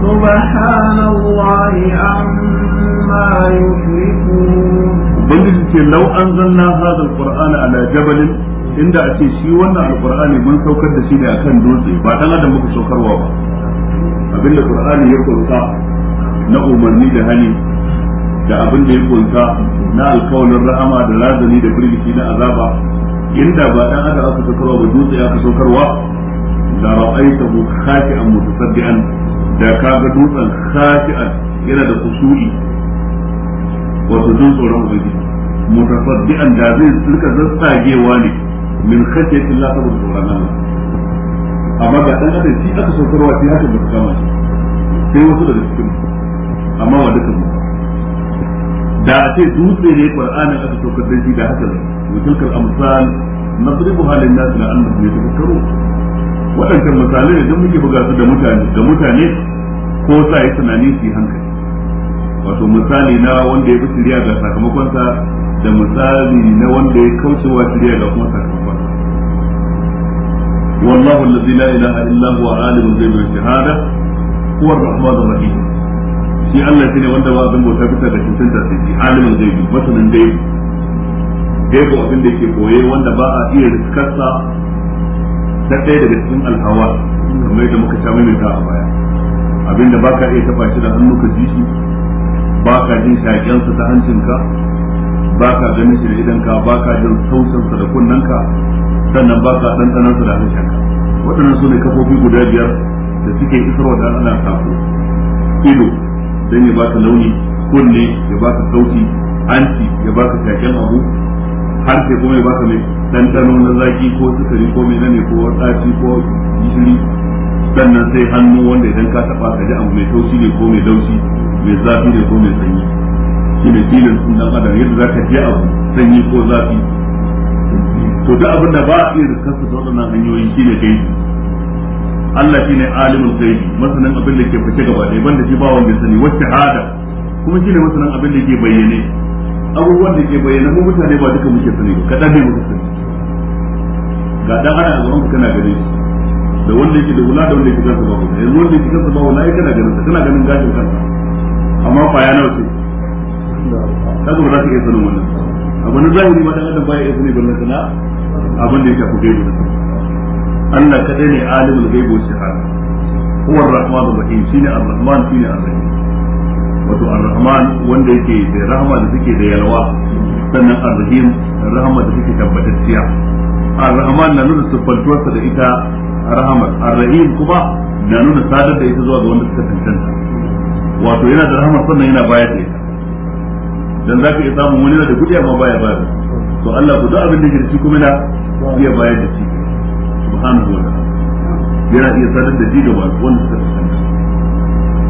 سبحان الله عما يشركون Ubangiji ce lau an zanna hada al ala inda a ce shi wannan al mun saukar da shi ne akan dutse ba dan adam muka saukarwa ba Abin da Qur'ani ya kunsa na umarni da hani da abin da ya kunsa na alkawalin ra'ama da razani da firgici na azaba inda ba dan adam aka saukarwa ba dutse aka saukarwa da ra'aitahu khashi'an mutasaddian da kaga dutsen khashi'an yana da kusuri wato jin tsoron ubangiji mutasaddian da zai rika zassagewa ne min khashyati Allah saboda tsoron Allah amma ga dan adam shi aka saukarwa shi haka ba kama sai wasu daga cikin amma wa dukkan da a ce dutse ne qur'anin aka saukar da shi da haka zai wutul kal amsal nadribu halin nas la an yatafakkaru wadannan misalai ne dan muke buga su da mutane da mutane ko sa yi tunani su hankali wato misali na wanda ya fi ga sakamakonsa da misali na wanda ya wa shirya ga kuma sakamakonsa والله الذي لا اله الا هو عالم الغيب والشهاده هو الرحمن الرحيم shi Allah shi ne wanda ba abin bauta bisa da cutar da sai alimin yi masanin gaibi gaibi abin da yake koye wanda ba a iya riskarsa ta ɗaya daga cikin alhawa kamar yadda muka sha ta a baya abin da baka iya taba shi da hannu ka ji shi baka jin shaƙensa ta hancinka baka ganin shi da idanka baka jin sautinsa da kunnanka sannan baka ɗanɗanansa da hancinka waɗannan su ne kafofi guda biyar da suke isarwa da ana sako ido don ya ka launi kunne ya ka sauti anti ya baka shaken abu har sai kuma ya baka mai ɗanɗano na zaki ko sukari ko mai nane ko tsaci ko gishiri sannan sai hannu wanda idan ka taɓa ka ji abu mai taushi ne ko mai laushi mai zafi ne ko mai sanyi shi ne filin sun dan adam yadda za ka ji abu sanyi ko zafi to duk abin da ba a iya da kasa waɗannan hanyoyi shi ne kai Allah shine alimul ghaibi masanin abin da ke fice gaba ɗaya banda shi ba wanda sani wa shahada kuma shine masanin abin da ke bayyane abubuwan da ke bayyana mu mutane ba duka muke sani ba kadan ne muke sani ga dan ana a gaban kana gare shi da wanda yake da wula da wanda yake kansa ba wula yanzu wanda yake kansa ba wula ai kana ganin sa kana ganin gashin kansa amma kwaya nawa wuce. ta ba za ka iya sanin wannan abu na zahiri ma dan adam baya iya sani ballan sana abin da ya shafi na da Allah kadai ne alimul ghaibi wa shahada huwa ar-rahmanur rahim shine ar-rahman shine ar-rahim wato ar-rahman wanda yake da rahama da take da yalwa sannan ar-rahim rahama da take tabbatacciya ar-rahman na nuna siffantuwarsa da ita rahamar ar-rahim kuma na nuna sadar da ita zuwa ga wanda suka tantanta wato yana da rahamar sannan yana bayar da ita dan zaka iya samun wani da kudi amma baya bayar to Allah ku duk abin da yake da shi kuma na iya bayar da shi subhanahu wa ta'ala da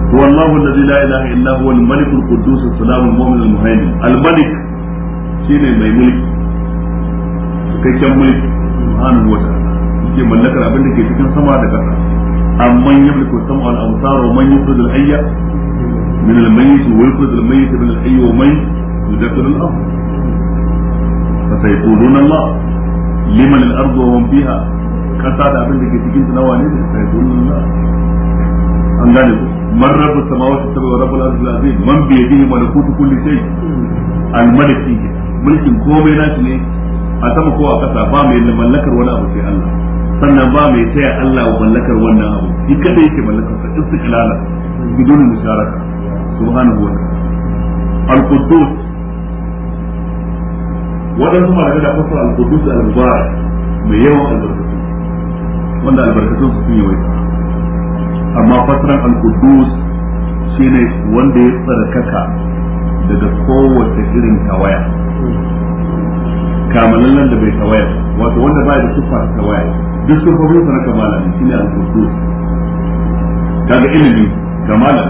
هو الله الذي لا اله الا هو الملك القدوس السلام المؤمن المهيمن الملك sama da ƙasa amman kasa da abin da ke cikin tunawa ne da sai dole an gane ku man rabu ta sabbi wa rabbul arshil azim man bi yadihi malakutu kulli shay al maliki mulkin komai nashi ne a sama ko a kasa ba mai mallakar wani abu sai Allah sannan ba mai taya Allah wa mallakar wannan abu shi kada yake mallakar sa istiqlala bidon musharaka subhanahu wa ta'ala al quddus wadansu malamai da fasara al quddus al mubarak mai yawan albarka wanda albarkatun su sun yi wai amma fasiran al-quddus shine wanda ya tsarkaka daga kowace irin tawaya nan da bai tawaya wato wanda ba da siffa tawaya duk sun fahimta sana kamala ne shine al-quddus daga ilimi kamala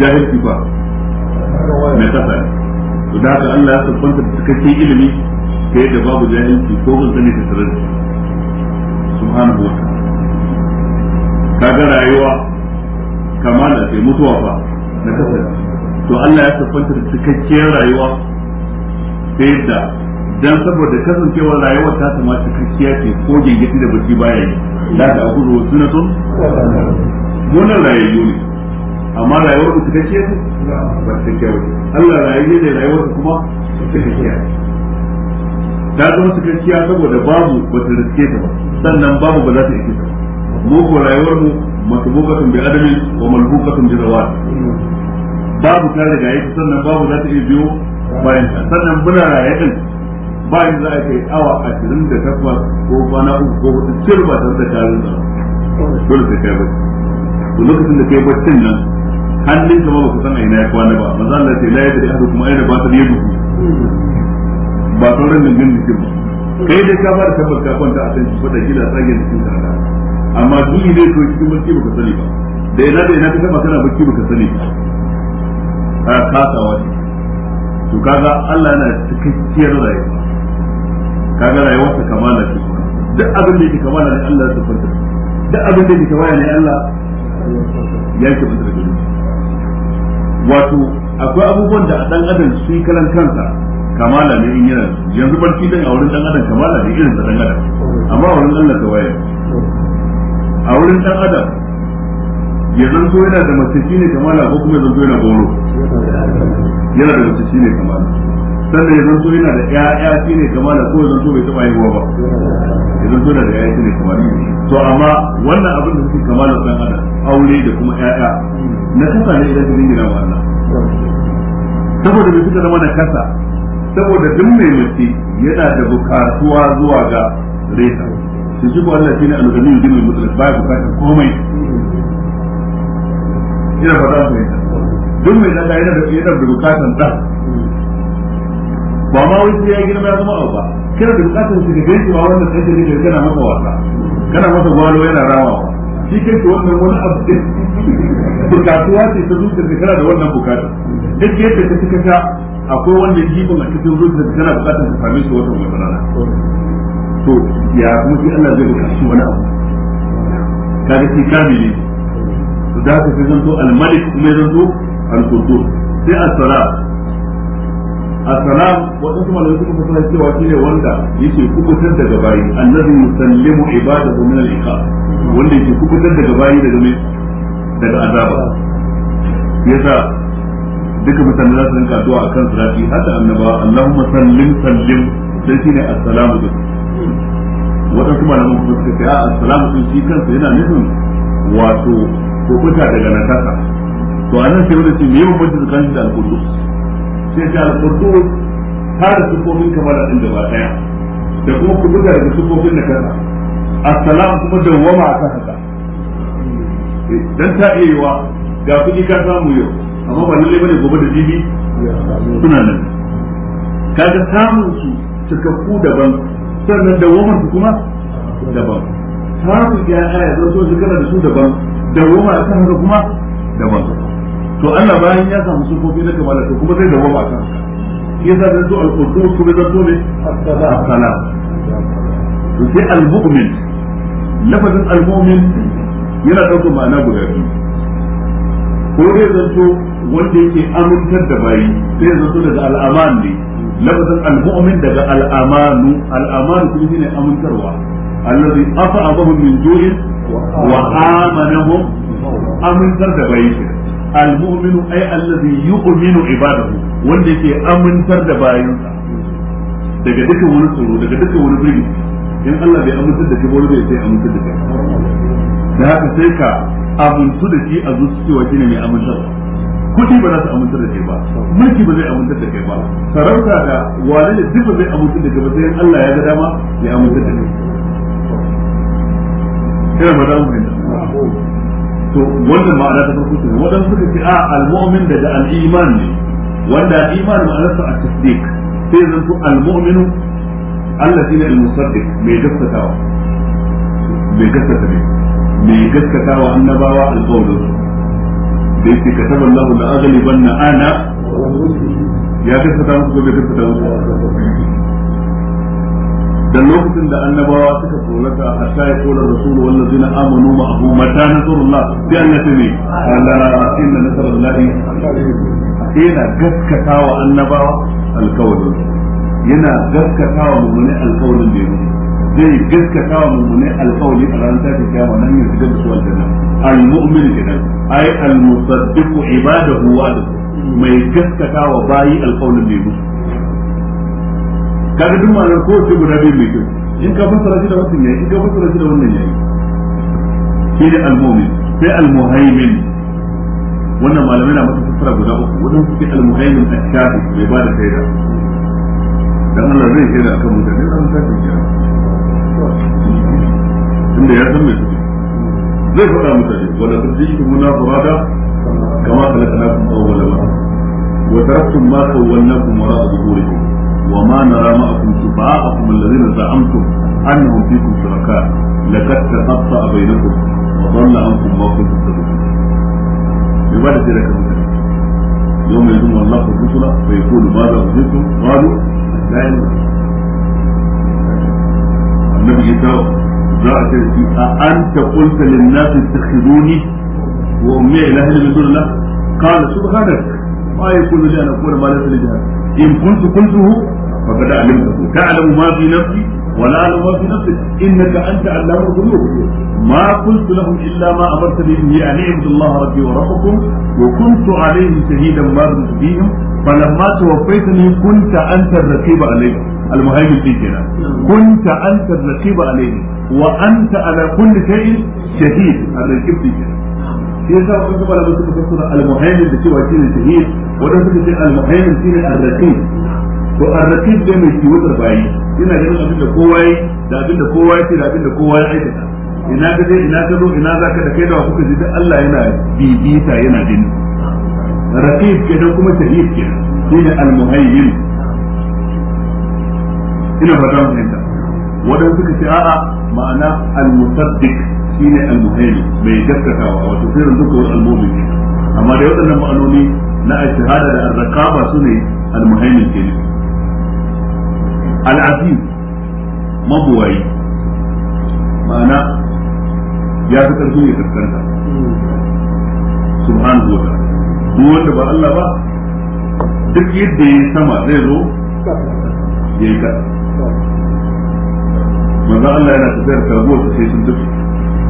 jahilci ba mai kasa to da haka Allah ya sabbanta da cikakken ilimi ta da babu jahilci ko ban sani da sirri subhanahu wa ta'ala to Allah ya siffanta da cikakkiyar rayuwa ta yadda dan saboda kasancewar rayuwa ta sama cikakkiya ce ko gengeti da bacci baya yi da ta ruwa suna sun munan rayayyu ne amma rayuwar cikakkiya cikakkiyar ba ba Allah rayayyu ne rayuwar kuma cikakkiya ta zama cikakkiya saboda babu ba ta riske ta ba sannan babu ba za ta ita ta mu ko rayuwar mu masbukatun bi adami wa malbukatun bi zawat babu ta riga yake sannan babu za ta iya biyo bayan ta sannan muna raye din bayan za a kai awa 28 ko kwana uku ko wata ta tare da tarin da dole sai kai ba lokacin da kai baccin nan hannun kama ba ku san a ina ya kwana ba manzo Allah sai la kuma ahadukum ayna ba ta yadu ba sauran gangan jikin ba kai da ka fara tabbas ka kwanta a kan shi da gida tsagen jikin ka da amma duni ne to cikin mulki baka sani ba da ina da ina ka taba kana baki baka sani ba a kasawa ne to kaga Allah yana cikakkiyar rayuwa kaga rayuwar ta kamala ce duk abin da yake kamala ne Allah ya tabbata duk abin da yake kamala ne Allah ya tabbata da wato akwai abubuwan da a dan adam su yi kalan kansa kamala ne in yana yanzu barci dan a wurin dan adam kamala ne irin dan adam amma wurin Allah waye a wurin dan adam ya so yana da mace shine kamala ko kuma so yana goro yana da mace shine kamala sannan ya so yana da ƴaƴa shine kamala ko zan so bai taba haihuwa ba ya zanto yana da ƴaƴa shine kamala to amma wannan abin da suke kamala dan adam aure da kuma ƴaƴa na kasa ne idan ka dingina wa Allah saboda bai fita zama da kasa saboda duk mai mace yana da bukatuwa zuwa ga reta su shi kuwa Allah shine alugani ghani bil mutum ba ya bukatar komai ina fata ku ne duk mai dada yana da bukatar ta ba ma wani ya girma ya zama abu ba kira da bukatar shi da gaisu gaisuwa wannan sai da kana masa wasa kana masa gwalo yana rawawa shi kai ke wannan wani abu din bukatuwa ce ta zuciya kana da wannan bukatar duk yadda ka cika ta akwai wanda jibin a cikin zuciya tana bukatar ta same shi watan wata rana to ya kuma shi Allah zai shi wani abu kaga shi kamili to da haka sai zanto al-malik kuma ya zanto al-qudus sai as-salam as-salam kuma malamai suka fasara cewa ne wanda yake kubutar daga bayi allazi yusallimu ibadahu min al-iqab wanda yake kubutar daga bayi daga mai daga azaba yasa duka mutane za su rinka addu'a akan sirati hatta annaba Allahumma sallim sallim dan shine assalamu din wadansu malaman kuma suka ce a assalamu alaikum shi kansa yana nufin wato kubuta daga nakasa to anan sai wanda ce me yawan mutu tsakanin da al sai ta al-qudus har su komin kamar din gaba daya da kuma kubuta daga sufofin nakasa assalamu kuma dawwama akan haka eh, dan ta iya yiwa ga kuɗi ka samu yau amma ba lalle bane gobe da jibi suna nan kaga samun su cikakku daban sannan dawamar su kuma daban samun ya'ya ya zo su kana da su daban dawama a kan haka kuma daban to Allah bayan ya samu sufofi na kamala to kuma zai da a kan haka yasa zan zo al-qudus kuma zan zo ne Asala. salam to sai al-mu'min lafazin al-mu'min yana daukar ma'ana guda biyu ko zai zanto wanda yake amintar da bayi sai ya zato daga al'aman ne lafazin al-mu'min daga al'amanu al'amanu kuma shine amintarwa allazi afa'abahum min ju'in wa amanahum amintar da bayi al-mu'minu ay allazi yu'minu ibadahu wanda yake amintar da bayinsa daga dukkan wani tsoro daga dukkan wani birni in Allah bai amintar da shi ba wani sai amintar da kai da haka sai ka abuntu da shi a zuciya shine mai amintarwa kuɗi ba za su amintar da kai ba mulki ba zai amintar da kai ba sarauta da wani da duk ba zai amintar da kai ba sai Allah ya ga dama ya amintar da kai ina ba da mun to wannan ma'ana ta farko ne waɗansu suka ce a al-mu'min daga al-iman ne wanda al-iman ma'anarsa at-tasdiq sai zan to al-mu'minu allazi ne al-musaddiq mai gaskatawa mai gaskata ne mai gaskatawa annabawa al-qawlu da yake kataba Allah la aghlibanna ana ya gaskata musu ko bai gaskata musu da lokacin da annabawa suka tsorata a shayi kola rasulu wallan zina amanu ma abu mata nasarullah sai an nace ne ala inna nasarullahi yana gaskatawa annabawa alkawarin yana gaskatawa mummune alkawarin da ya zai gaskatawa mummune alkawari a ranar tafi kiyama nan yin shigar da su aljanna al-mu'min kenan ai al-musaddiqu ibadahu wa mai gaskata wa bayi mai musu kaga duk ma'anar ko ce guda biyu mai kyau in ka fassara shi da wannan yayi in ka fassara shi da wannan yayi shi ne sai al-muhaimin wannan malamai na masa fassara guda uku wannan suke al-muhaimin ash-shafi an zai faɗa mutane wanda ta ce kuma na furada kama ta kana kuma kawo wala ba wa tarattun ma kawo wannan kuma ra a zuwa ke wa ma na rama a kuma ba a kuma lalai na za'amtu an na hukun kuma suraka lakatta hafsa a bai na kuma wa zanna an kuma ba kuma kuma kuma bai ba da ke da kan mutane yau mai zuwa Allah ku kusura bai kodu ba za su zai su ba da ya yi wa annabi ya tawo za a ce da shi a anta qulta lin nasi takhuduni wa ummi ilaha min dunillah qala subhanak ma yakunu li na aqula ma laysa li jahannam in kuntu qultuhu faqad alimtahu alamu ma fi nafsi wa la a'lamu ma fi nafsik innaka anta allamu al-ghuyub ma qultu lahum illa ma amartani bihi an i'budu allaha rabbi wa rabbakum wa kuntu alayhim shahidan ma dumtu fihim falamma tawaffaytani kunta anta ar-raqiba alayhim المهيمن في كنا كنت أنت الرقيب عليه وأنت على كل شيء شهيد الرقيب في كنا shi yasa wani kuma da suka fassara al-muhaimin da cewa shine shahid wanda suka ce al to ar dai mai yana ganin abin da kowa yi da abin da kowa yake da abin da kowa ya aikata ina ka je ina ka zo ina ka da kai da kuka ji da Allah yana bibita yana din raqib kenan kuma shahid kenan shine al-muhaimin ina fata mun suka ce a'a ma'ana al-musaddiq shine al mai gaskatawa wato sai ran duka al-mu'min amma ma'anoni na da ar-raqaba sune al ke ne al-aziz mabuwayi ma'ana ya fi karfi ne kaskanta subhanahu wa ta'ala duk wanda ba Allah ba duk yadda ya sama zai zo ya yi manzo Allah yana tafiyar karbuwa ta sai sun dubi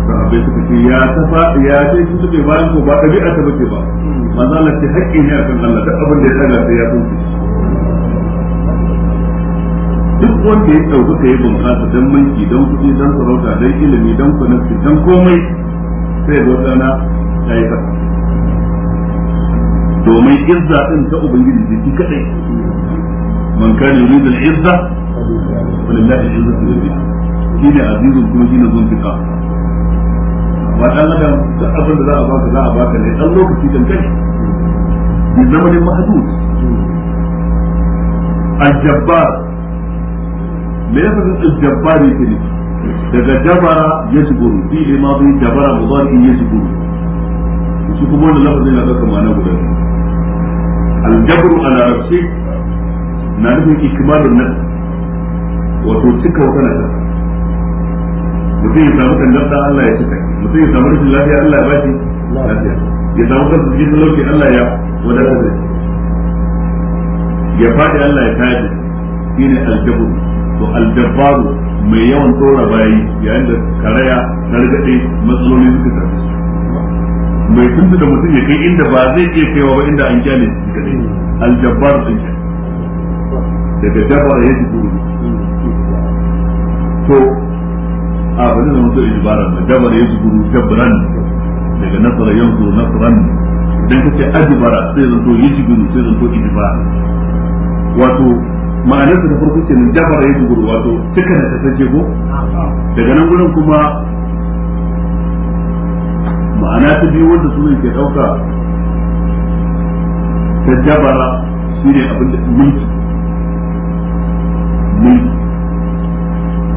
sahabbai suka ce ya tafa ya sai sun dubi bayan ko ba dabi'a ta bace ba manzo Allah ce haƙƙi ne akan Allah duk abin da ya daga sai ya tsoke duk wanda ya dauki kai bunƙasa dan mulki dan kuɗi dan sarauta dan ilimi dan kwanaki dan komai sai zo dana ya yi domin izza din ta ubangiji da shi kadai man kana yuridu al-izza walillahi al-izzatu shine azizun kuma shine zunfika ba abin da za a baka za a baka ne lokaci kai bi me daga jabara jabara kuma lafazin guda na nufin nan wato cika wata mutum ya samu kandarta Allah ya cika mutum ya samu rashin lafiya Allah ya bashi lafiya ya samu kansa cikin talauci Allah ya wadatar da ya faɗi Allah ya tashi ne aljabu to aljabaru mai yawan tsora bayi yayin da karaya targaɗe matsaloli suka tafi mai tuntu da mutum ya kai inda ba zai iya kaiwa ba inda an kyale shi kadai aljabbar sun daga jabbar ya ji to a ah, bari zama to ibara ba jabar ya zuru jabran daga nasara yanzu nasran dan kace ajbara sai zo ya zuru sai zo ibara wato ma'anar da farko ce nan jabar ya zuru wato cika da tsaje go daga nan gurin kuma ma'ana ta biyu wanda su ne ke dauka ta jabara ne abin da mulki mulki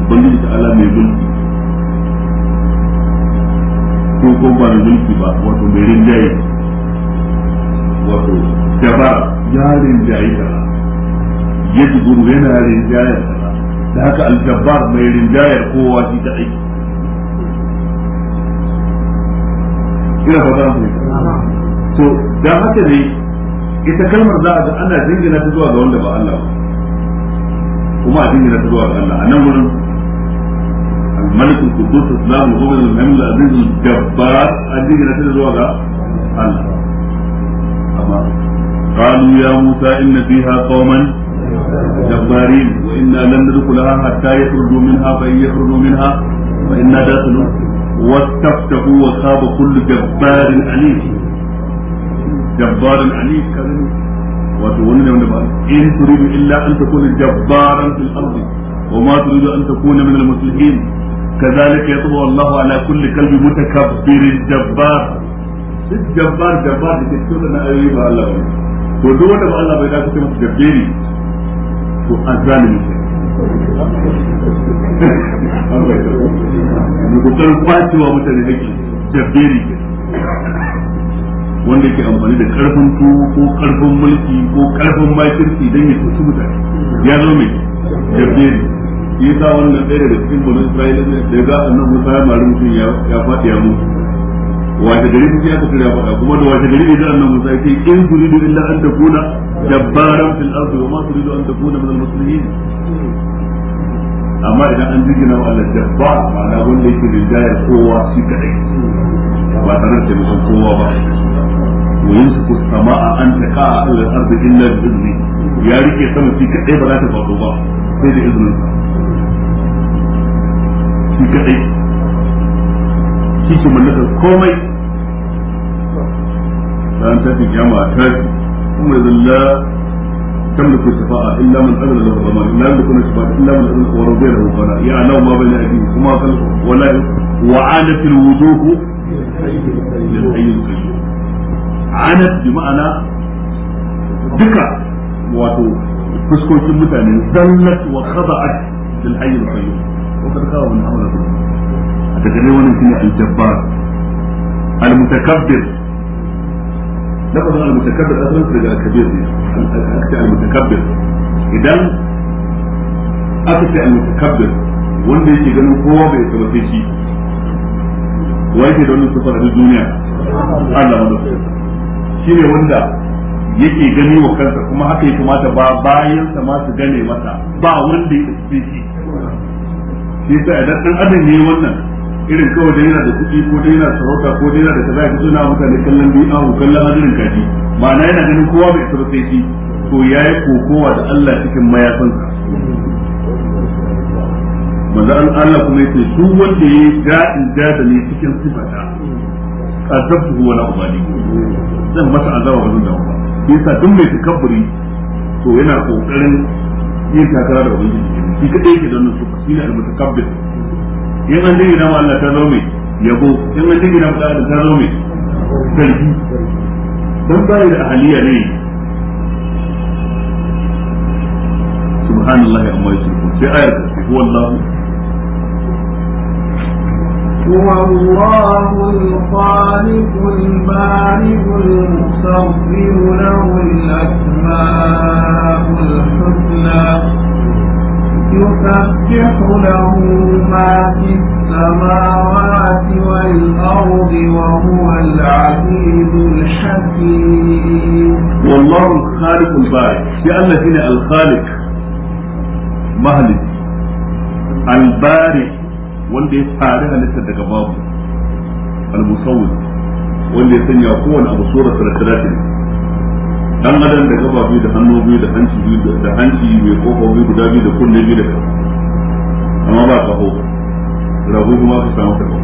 ubangiji ta ala mai mulki kwanan da ba wato mai rinjaye wato jaba ya rinjaye ta ya ji guru yana rinjayar ta da haka aljabbar mai rinjayar kowa shi ta aiki ina fata mu to da haka ne ita kalmar za a ga ana jingina ta zuwa ga wanda ba Allah ba kuma a jingina ta zuwa ga Allah a nan wurin ملك القدوس السلام الغفور الحميد العزيز الجبار أديه نتيجة زوجة الله أما قالوا يا موسى إن فيها قوما جبارين وإنا لن ندخلها حتى يخرجوا منها فإن يخرجوا منها وإنا داخلون واستفتحوا وخاب كل جبار عنيد جبار عنيد كذلك wato wani ne wanda ba in turidu illa an takuna jabbaran fil ardi wa ma turidu an takuna min al muslimin كذلك يطبع الله ala kulli qalbi متكبر jabbar duk جبار jabbar da ke cikin na الله ba Allah ba to duk wanda ba Allah da kuma wanda ke amfani da karfin tuwo ko karfin mulki ko karfin makirki don ya tutu mutane ya zo mai jabberi shi yasa wannan ɗaya daga cikin banu Isra'ila ne da ga Musa ya mari mutum ya faɗi ya mutu wata gari sai aka kira faɗa kuma da wata gari idan Musa ya ce in turidu illa an takuna jabbaran fil ardi wa ma turidu an takuna min al-muslimin amma idan an jigina wa Allah jabba ma'ana wanda yake rinjayar kowa shi kadai ba tare da taimakon kowa ba ويمسك السماء ان تقع على الارض الا باذنه يا ريت السماء في كده بلا تفاضل sai da izinin shi kadai shi ke mallakar komai ran ta kiyama ta shi kuma zalla تملك الشفاعة إلا من أذن له الرحمن لا يملكون الشفاعة إلا من أذن ورضي له القناة يعلم يعني ما بين أيديهم وما خلفهم ولا وعانت الوجوه للحي القيوم عانت بمعنى دكا wato fuskokin mutane zallat wa khada'at lil hayy al qayyum wani sadaka wa mu'amala a takardar wannan shine al-jabbar al-mutakabbir لقد المتكبر أصلا رجال كبير أكتئ Idan aka أكتئ المتكبر wanda yake ganin kowa bai saba sai shi wa yake da wannan sufar da duniya Allah wanda shi ne wanda yake gani wa kansa kuma haka ya kamata ba bayan sa ma su gane masa ba wanda ya tafi shi shi yasa idan dan adam ne wannan irin kawai da yana da kuɗi ko da yana sarauta ko da yana da kaza ya fito na mutane kallon bi'a ko kallon hadirin kaji ma'ana yana ganin kowa bai isa sai shi to yayi kokowa da Allah cikin mayafansa manzo Allah kuma yace su wanda yayi da ne cikin sifata azabtu wa la ubali zan masa azaba wannan da ba yasa duk mai takabburi to yana kokarin yin takara da ubangiji shi kadai yake da wannan sifa shine al-mutakabbir in an dingina ma Allah ta zo mai yabo in an dingina ma Allah ta zo mai sarki dan bai da ahliya ne subhanallahi amma yushrikun sai ayar ta huwa Allah هو الله الخالق البارئ المصور له الأسماء الحسنى يسبح له ما في السماوات والأرض وهو العزيز الحكيم والله الخالق البارئ يا الله هنا الخالق مهلك البارئ والذي ya fari halittar daga babu al-musawwir أبو ya sanya dan adam da gaba biyu da hannu biyu da hanci biyu da hanci mai kofa biyu guda biyu da kunne biyu da kafa amma ba kaho rago kuma ka samu kafa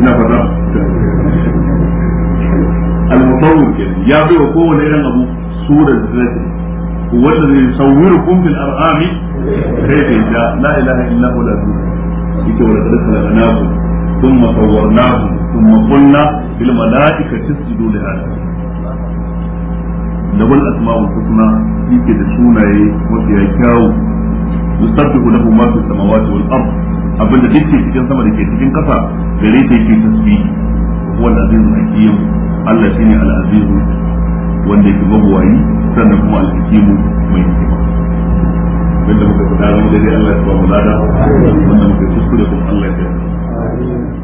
ina fata al-mutawwir ya bai wa kowane irin abu surar da zai هو الذي يصوركم في الأرحام كيف يشاء لا إله إلا هو العزيز يجي ولقد خلقناكم ثم صورناكم ثم قلنا للملائكة اسجدوا لهذا lawal asma'ul husna yake da sunaye mafiya kyawu yusabbihu lahu ma fi samawati wal ard abinda duk ke cikin sama da ke cikin kasa gare shi yake tasbihi wal azizul hakim Allah shine al aziz wanda yake mabuwayi sannan kuma al hakimu mai hikima wanda muka fada zama daidai Allah ya ba mu Allah ya